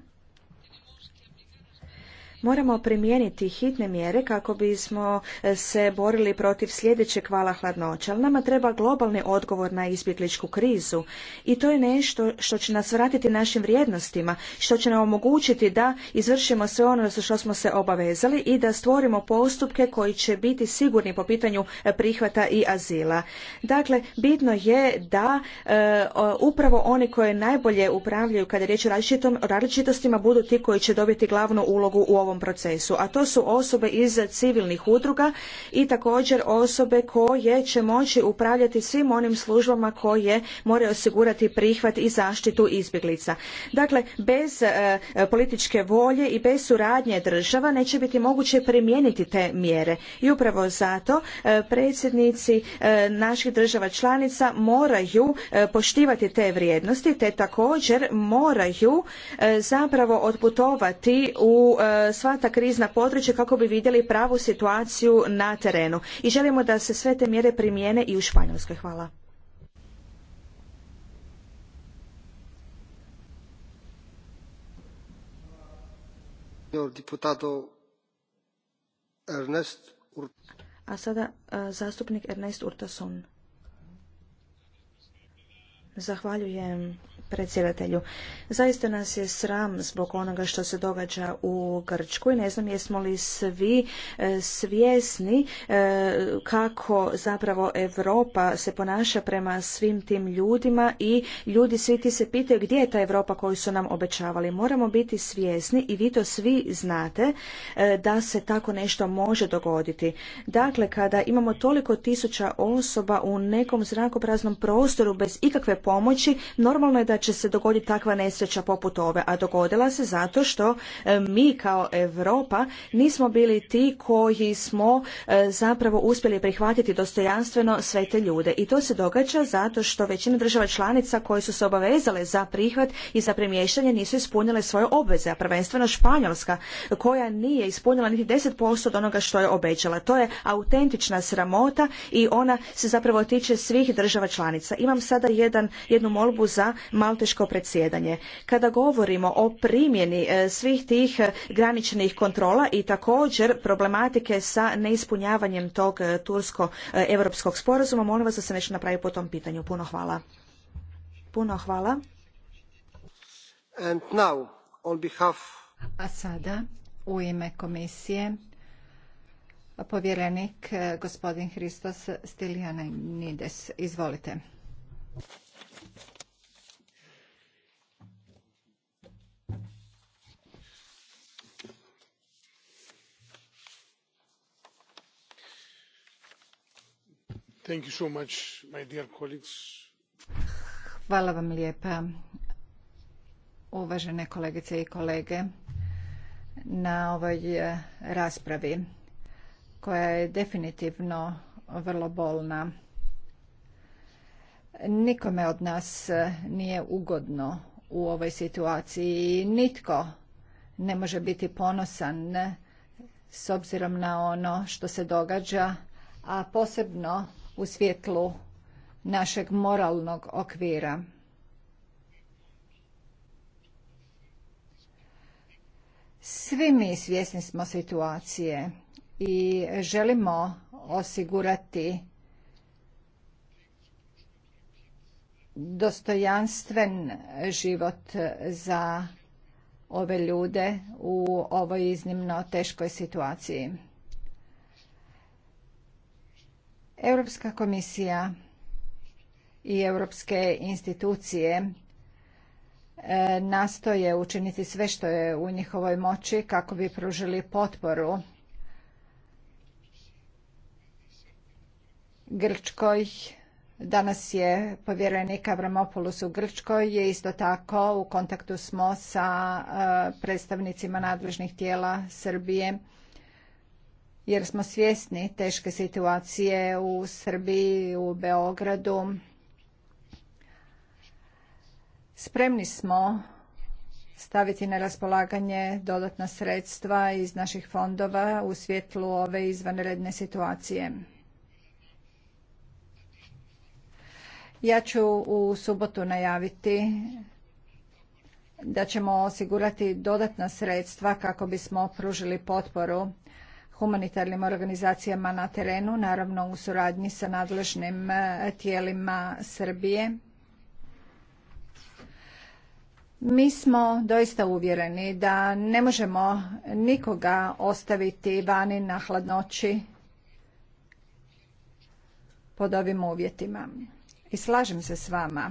Moramo primijeniti hitne mjere kako bismo e, se borili protiv sljedećeg vala hladnoća, ali nama treba globalni odgovor na izbjegličku krizu i to je nešto što će nas vratiti našim vrijednostima, što će nam omogućiti da izvršimo sve ono za što smo se obavezali i da stvorimo postupke koji će biti sigurni po pitanju e, prihvata i azila. Dakle, bitno je da e, upravo oni koji najbolje upravljaju kada je riječ o različitostima budu ti koji će dobiti glavnu ulogu u ovom procesu, a to su osobe iz civilnih udruga i također osobe koje će moći upravljati svim onim službama koje moraju osigurati prihvat i zaštitu izbjeglica. Dakle, bez e, političke volje i bez suradnje država neće biti moguće primijeniti te mjere. I upravo zato e, predsjednici e, naših država članica moraju poštivati te vrijednosti te također moraju zapravo otputovati u sva ta krizna područja kako bi vidjeli pravu situaciju na terenu. I želimo da se sve te mjere primijene i u Španjolskoj. Hvala. A sada e, zastupnik Ernest Urtasun. Zahvaljujem predsjedatelju. Zaista nas je sram zbog onoga što se događa u Grčkoj. Ne znam jesmo li svi e, svjesni e, kako zapravo Europa se ponaša prema svim tim ljudima i ljudi svi ti se pitaju gdje je ta Europa koju su nam obećavali. Moramo biti svjesni i vi to svi znate e, da se tako nešto može dogoditi. Dakle, kada imamo toliko tisuća osoba u nekom zrakopraznom prostoru bez ikakve pomoći, normalno je da će se dogoditi takva nesreća poput ove, a dogodila se zato što e, mi kao Europa nismo bili ti koji smo e, zapravo uspjeli prihvatiti dostojanstveno sve te ljude. I to se događa zato što većina država članica koje su se obavezale za prihvat i za premještanje nisu ispunile svoje obveze, a prvenstveno Španjolska koja nije ispunila niti 10% od onoga što je obećala. To je autentična sramota i ona se zapravo tiče svih država članica. Imam sada jedan, jednu molbu za malteško predsjedanje. Kada govorimo o primjeni e, svih tih e, graničnih kontrola i također problematike sa neispunjavanjem tog e, tursko-europskog sporazuma, molim vas da se nešto napravi po tom pitanju. Puno hvala. Puno hvala. And now, A sada, u ime komisije, povjerenik gospodin Hristos Nides, Izvolite. Hvala vam lijepa, uvažene kolegice i kolege, na ovoj e, raspravi koja je definitivno vrlo bolna. Nikome od nas e, nije ugodno u ovoj situaciji i nitko ne može biti ponosan e, s obzirom na ono što se događa, a posebno u svjetlu našeg moralnog okvira. Svi mi svjesni smo situacije i želimo osigurati dostojanstven život za ove ljude u ovoj iznimno teškoj situaciji. Europska komisija i europske institucije e, nastoje učiniti sve što je u njihovoj moći kako bi pružili potporu Grčkoj. Danas je povjerenik Avramopoulos u Grčkoj je isto tako u kontaktu smo sa e, predstavnicima nadležnih tijela Srbije jer smo svjesni teške situacije u Srbiji, u Beogradu. Spremni smo staviti na raspolaganje dodatna sredstva iz naših fondova u svjetlu ove izvanredne situacije. Ja ću u subotu najaviti da ćemo osigurati dodatna sredstva kako bismo pružili potporu humanitarnim organizacijama na terenu, naravno u suradnji sa nadležnim e, tijelima Srbije. Mi smo doista uvjereni da ne možemo nikoga ostaviti vani na hladnoći pod ovim uvjetima. I slažem se s vama.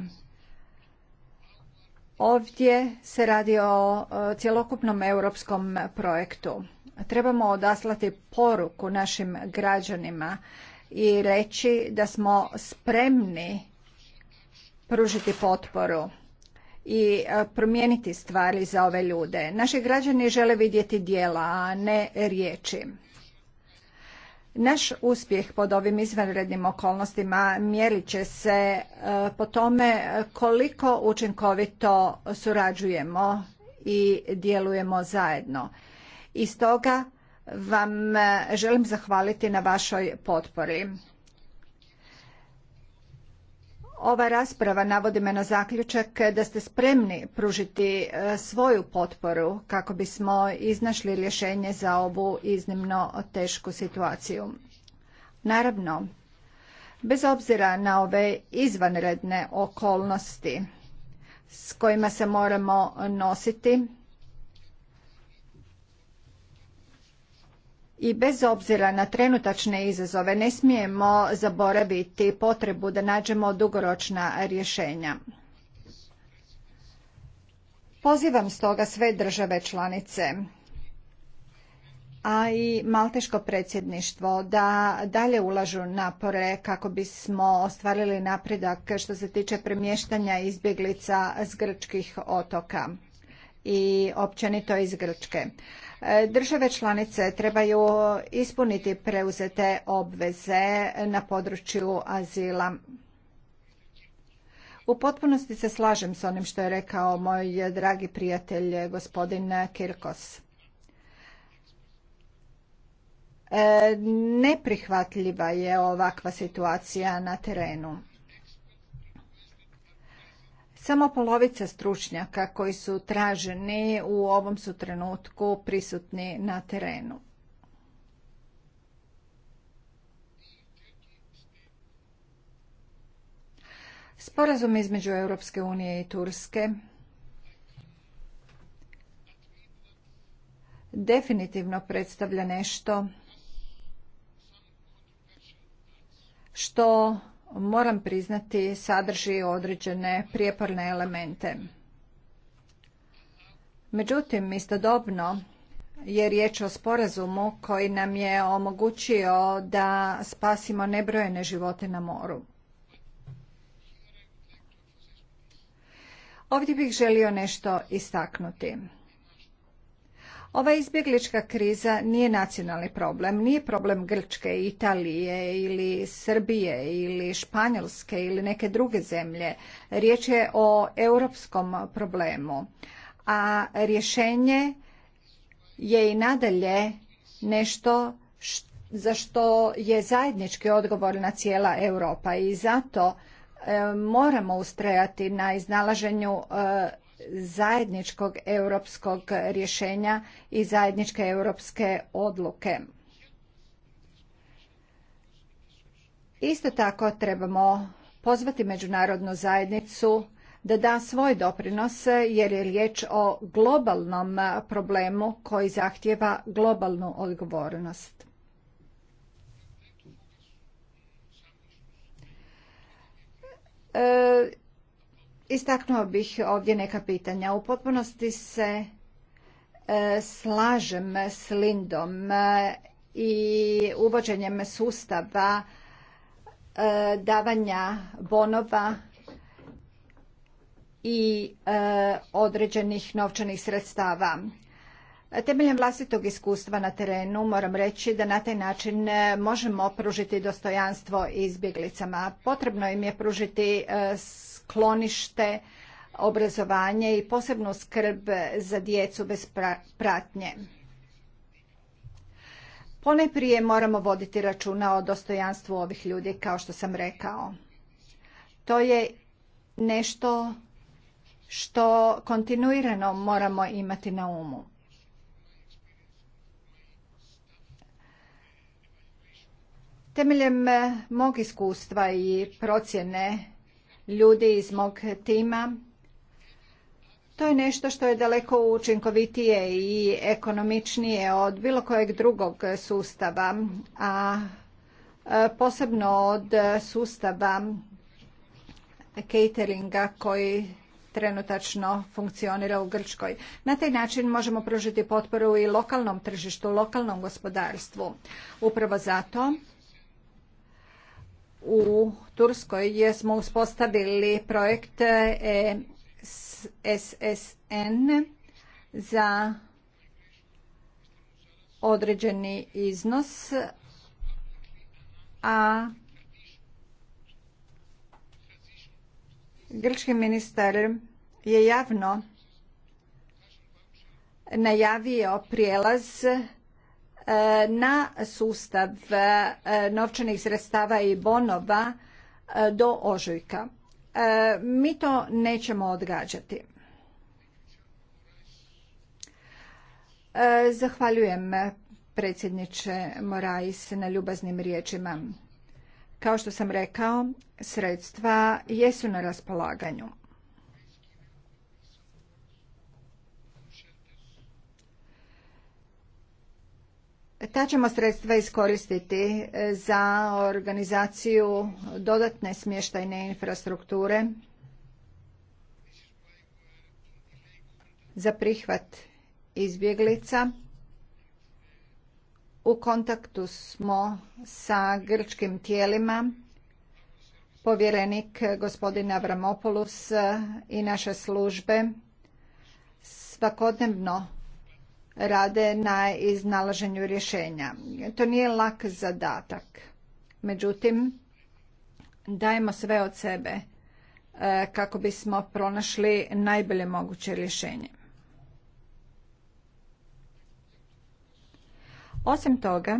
Ovdje se radi o e, cjelokupnom europskom projektu. Trebamo odaslati poruku našim građanima i reći da smo spremni pružiti potporu i e, promijeniti stvari za ove ljude. Naši građani žele vidjeti dijela, a ne riječi. Naš uspjeh pod ovim izvanrednim okolnostima mjerit će se e, po tome koliko učinkovito surađujemo i djelujemo zajedno i stoga vam e, želim zahvaliti na vašoj potpori. Ova rasprava navodi me na zaključak da ste spremni pružiti e, svoju potporu kako bismo iznašli rješenje za ovu iznimno tešku situaciju. Naravno, bez obzira na ove izvanredne okolnosti s kojima se moramo nositi, i bez obzira na trenutačne izazove ne smijemo zaboraviti potrebu da nađemo dugoročna rješenja. Pozivam stoga sve države članice a i malteško predsjedništvo da dalje ulažu napore kako bismo ostvarili napredak što se tiče premještanja izbjeglica s grčkih otoka i općenito iz Grčke. E, države članice trebaju ispuniti preuzete obveze na području azila. U potpunosti se slažem s onim što je rekao moj dragi prijatelj gospodin Kirkos. E, neprihvatljiva je ovakva situacija na terenu. Samo polovica stručnjaka koji su traženi u ovom su trenutku prisutni na terenu. Sporazum između Europske unije i Turske definitivno predstavlja nešto što moram priznati sadrži određene prijeporne elemente. Međutim, istodobno je riječ o sporazumu koji nam je omogućio da spasimo nebrojene živote na moru. Ovdje bih želio nešto istaknuti. Ova izbjeglička kriza nije nacionalni problem, nije problem Grčke, Italije ili Srbije ili Španjolske ili neke druge zemlje. Riječ je o europskom problemu, a rješenje je i nadalje nešto za što je zajednički odgovorna cijela Europa i zato e, moramo ustrajati na iznalaženju e, zajedničkog europskog rješenja i zajedničke europske odluke. Isto tako trebamo pozvati međunarodnu zajednicu da da svoj doprinos jer je riječ o globalnom problemu koji zahtjeva globalnu odgovornost. E, Istaknuo bih ovdje neka pitanja. U potpunosti se e, slažem s Lindom e, i uvođenjem sustava e, davanja bonova i određenih novčanih sredstava. Temeljem vlastitog iskustva na terenu moram reći da na taj način možemo pružiti dostojanstvo izbjeglicama. Potrebno im je pružiti sklonište, obrazovanje i posebnu skrb za djecu bez pratnje. Poneprije moramo voditi računa o dostojanstvu ovih ljudi, kao što sam rekao. To je nešto što kontinuirano moramo imati na umu. Temeljem mog iskustva i procjene ljudi iz mog tima. To je nešto što je daleko učinkovitije i ekonomičnije od bilo kojeg drugog sustava, a e, posebno od sustava cateringa koji trenutačno funkcionira u Grčkoj. Na taj način možemo pružiti potporu i lokalnom tržištu, lokalnom gospodarstvu. Upravo zato u Turskoj jer smo uspostavili projekt e SSN za određeni iznos, a grčki ministar je javno najavio prijelaz E, na sustav e, novčanih sredstava i bonova e, do ožujka. Mi to nećemo odgađati. Zahvaljujem predsjedniče Morais na ljubaznim riječima. Kao što sam rekao, sredstva jesu na raspolaganju. Ta ćemo sredstva iskoristiti e, za organizaciju dodatne smještajne infrastrukture, za prihvat izbjeglica. U kontaktu smo sa grčkim tijelima. Povjerenik gospodin Avramopoulos i naše službe svakodnevno rade na iznalaženju rješenja. To nije lak zadatak. Međutim, dajemo sve od sebe e, kako bismo pronašli najbolje moguće rješenje. Osim toga,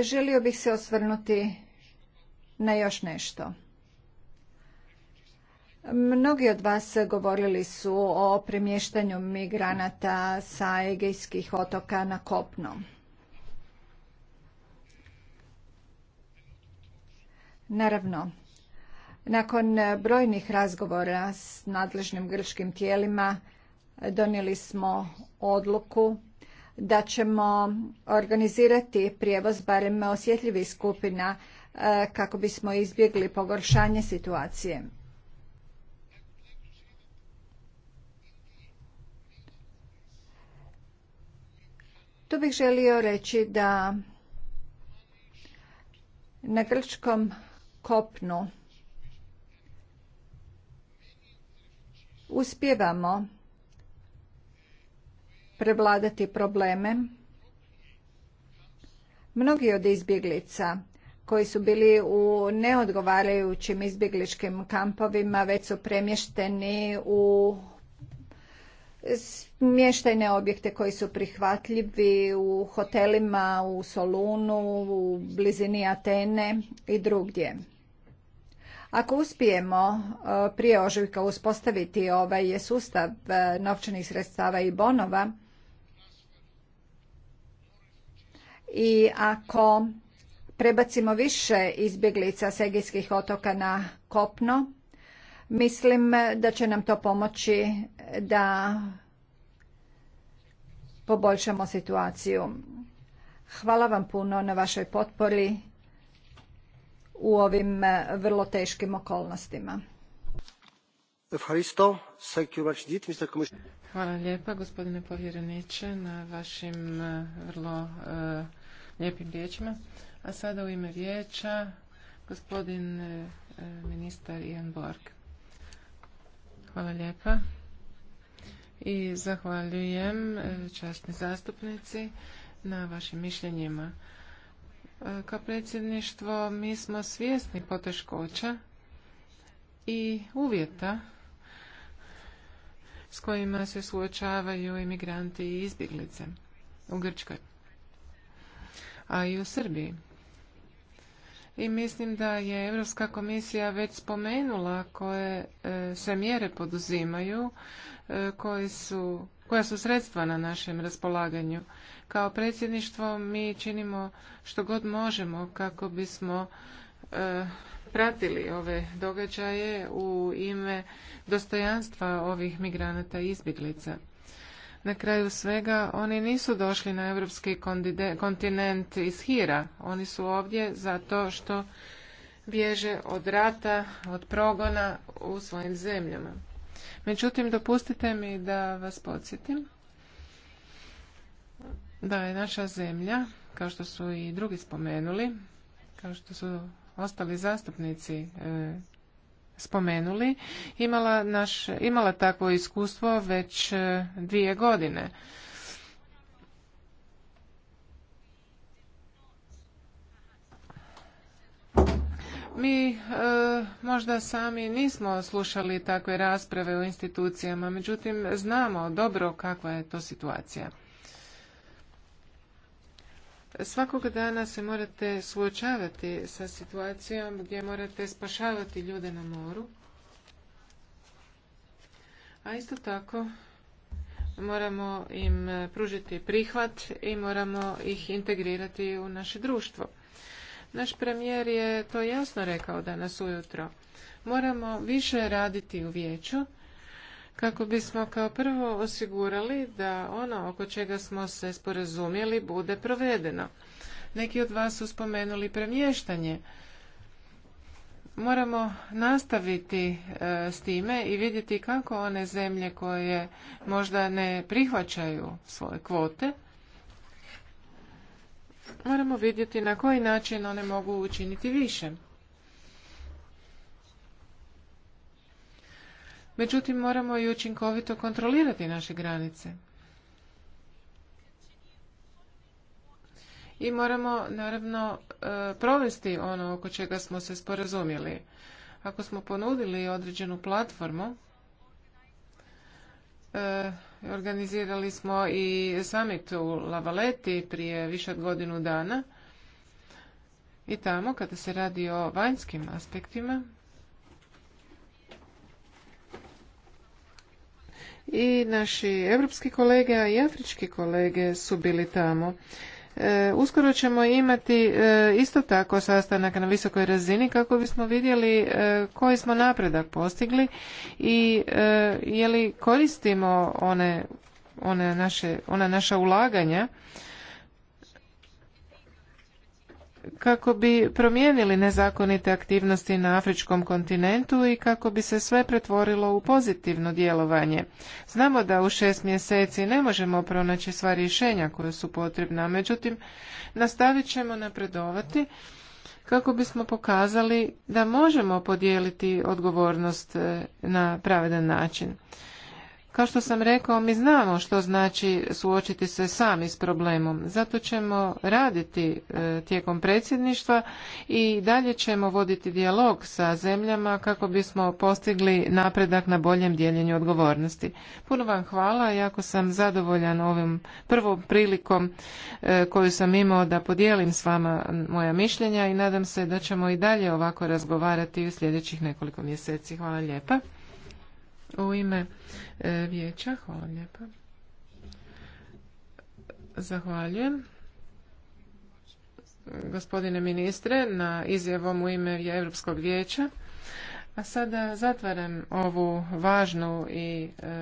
želio bih se osvrnuti na još nešto. Mnogi od vas govorili su o premještanju migranata sa Egejskih otoka na kopno. Naravno, nakon brojnih razgovora s nadležnim grčkim tijelima donijeli smo odluku da ćemo organizirati prijevoz barem osjetljivih skupina eh, kako bismo izbjegli pogoršanje situacije. Tu bih želio reći da na grčkom kopnu uspjevamo prevladati probleme. Mnogi od izbjeglica koji su bili u neodgovarajućim izbjegličkim kampovima već su premješteni u smještajne objekte koji su prihvatljivi u hotelima, u Solunu, u blizini Atene i drugdje. Ako uspijemo e, prije ožujka uspostaviti ovaj sustav e, novčanih sredstava i bonova i ako prebacimo više izbjeglica s Egijskih otoka na kopno, mislim da će nam to pomoći da poboljšamo situaciju. Hvala vam puno na vašoj potpori u ovim e, vrlo teškim okolnostima. Hvala lijepa gospodine povjereniče na vašim e, vrlo e, lijepim riječima. A sada u ime vijeća gospodin ministar Ian Borg. Hvala lijepa i zahvaljujem e, časni zastupnici na vašim mišljenjima. E, kao predsjedništvo mi smo svjesni poteškoća i uvjeta s kojima se suočavaju imigranti i izbjeglice u Grčkoj, a i u Srbiji. I mislim da je Europska komisija već spomenula koje e, se mjere poduzimaju koji su, koja su sredstva na našem raspolaganju. Kao predsjedništvo mi činimo što god možemo kako bismo e, pratili ove događaje u ime dostojanstva ovih migranata i izbjeglica. Na kraju svega, oni nisu došli na europski kontinent iz Hira. Oni su ovdje zato što bježe od rata, od progona u svojim zemljama. Međutim, dopustite mi da vas podsjetim da je naša zemlja, kao što su i drugi spomenuli, kao što su ostali zastupnici e, spomenuli, imala, naš, imala takvo iskustvo već e, dvije godine. mi e, možda sami nismo slušali takve rasprave u institucijama, međutim znamo dobro kakva je to situacija. Svakog dana se morate suočavati sa situacijom gdje morate spašavati ljude na moru. A isto tako moramo im pružiti prihvat i moramo ih integrirati u naše društvo. Naš premijer je to jasno rekao danas ujutro. Moramo više raditi u vijeću kako bismo kao prvo osigurali da ono oko čega smo se sporazumjeli bude provedeno. Neki od vas su spomenuli premještanje. Moramo nastaviti e, s time i vidjeti kako one zemlje koje možda ne prihvaćaju svoje kvote moramo vidjeti na koji način one mogu učiniti više. Međutim, moramo i učinkovito kontrolirati naše granice. I moramo, naravno, e, provesti ono oko čega smo se sporazumjeli. Ako smo ponudili određenu platformu, e, Organizirali smo i summit u Lavaleti prije više od godinu dana. I tamo, kada se radi o vanjskim aspektima, i naši evropski kolege, a i afrički kolege su bili tamo. E, uskoro ćemo imati e, isto tako sastanak na visokoj razini kako bismo vidjeli e, koji smo napredak postigli i je li koristimo one, one naše, ona naša ulaganja kako bi promijenili nezakonite aktivnosti na afričkom kontinentu i kako bi se sve pretvorilo u pozitivno djelovanje. Znamo da u šest mjeseci ne možemo pronaći sva rješenja koja su potrebna, međutim nastavit ćemo napredovati kako bismo pokazali da možemo podijeliti odgovornost e, na pravedan način. Kao što sam rekao, mi znamo što znači suočiti se sami s problemom. Zato ćemo raditi e, tijekom predsjedništva i dalje ćemo voditi dijalog sa zemljama kako bismo postigli napredak na boljem dijeljenju odgovornosti. Puno vam hvala, jako sam zadovoljan ovom prvom prilikom e, koju sam imao da podijelim s vama moja mišljenja i nadam se da ćemo i dalje ovako razgovarati u sljedećih nekoliko mjeseci. Hvala lijepa u ime e, vijeća. Hvala lijepa. Zahvaljujem. Gospodine ministre, na izjavom u ime Europskog vijeća. A sada zatvaram ovu važnu i e,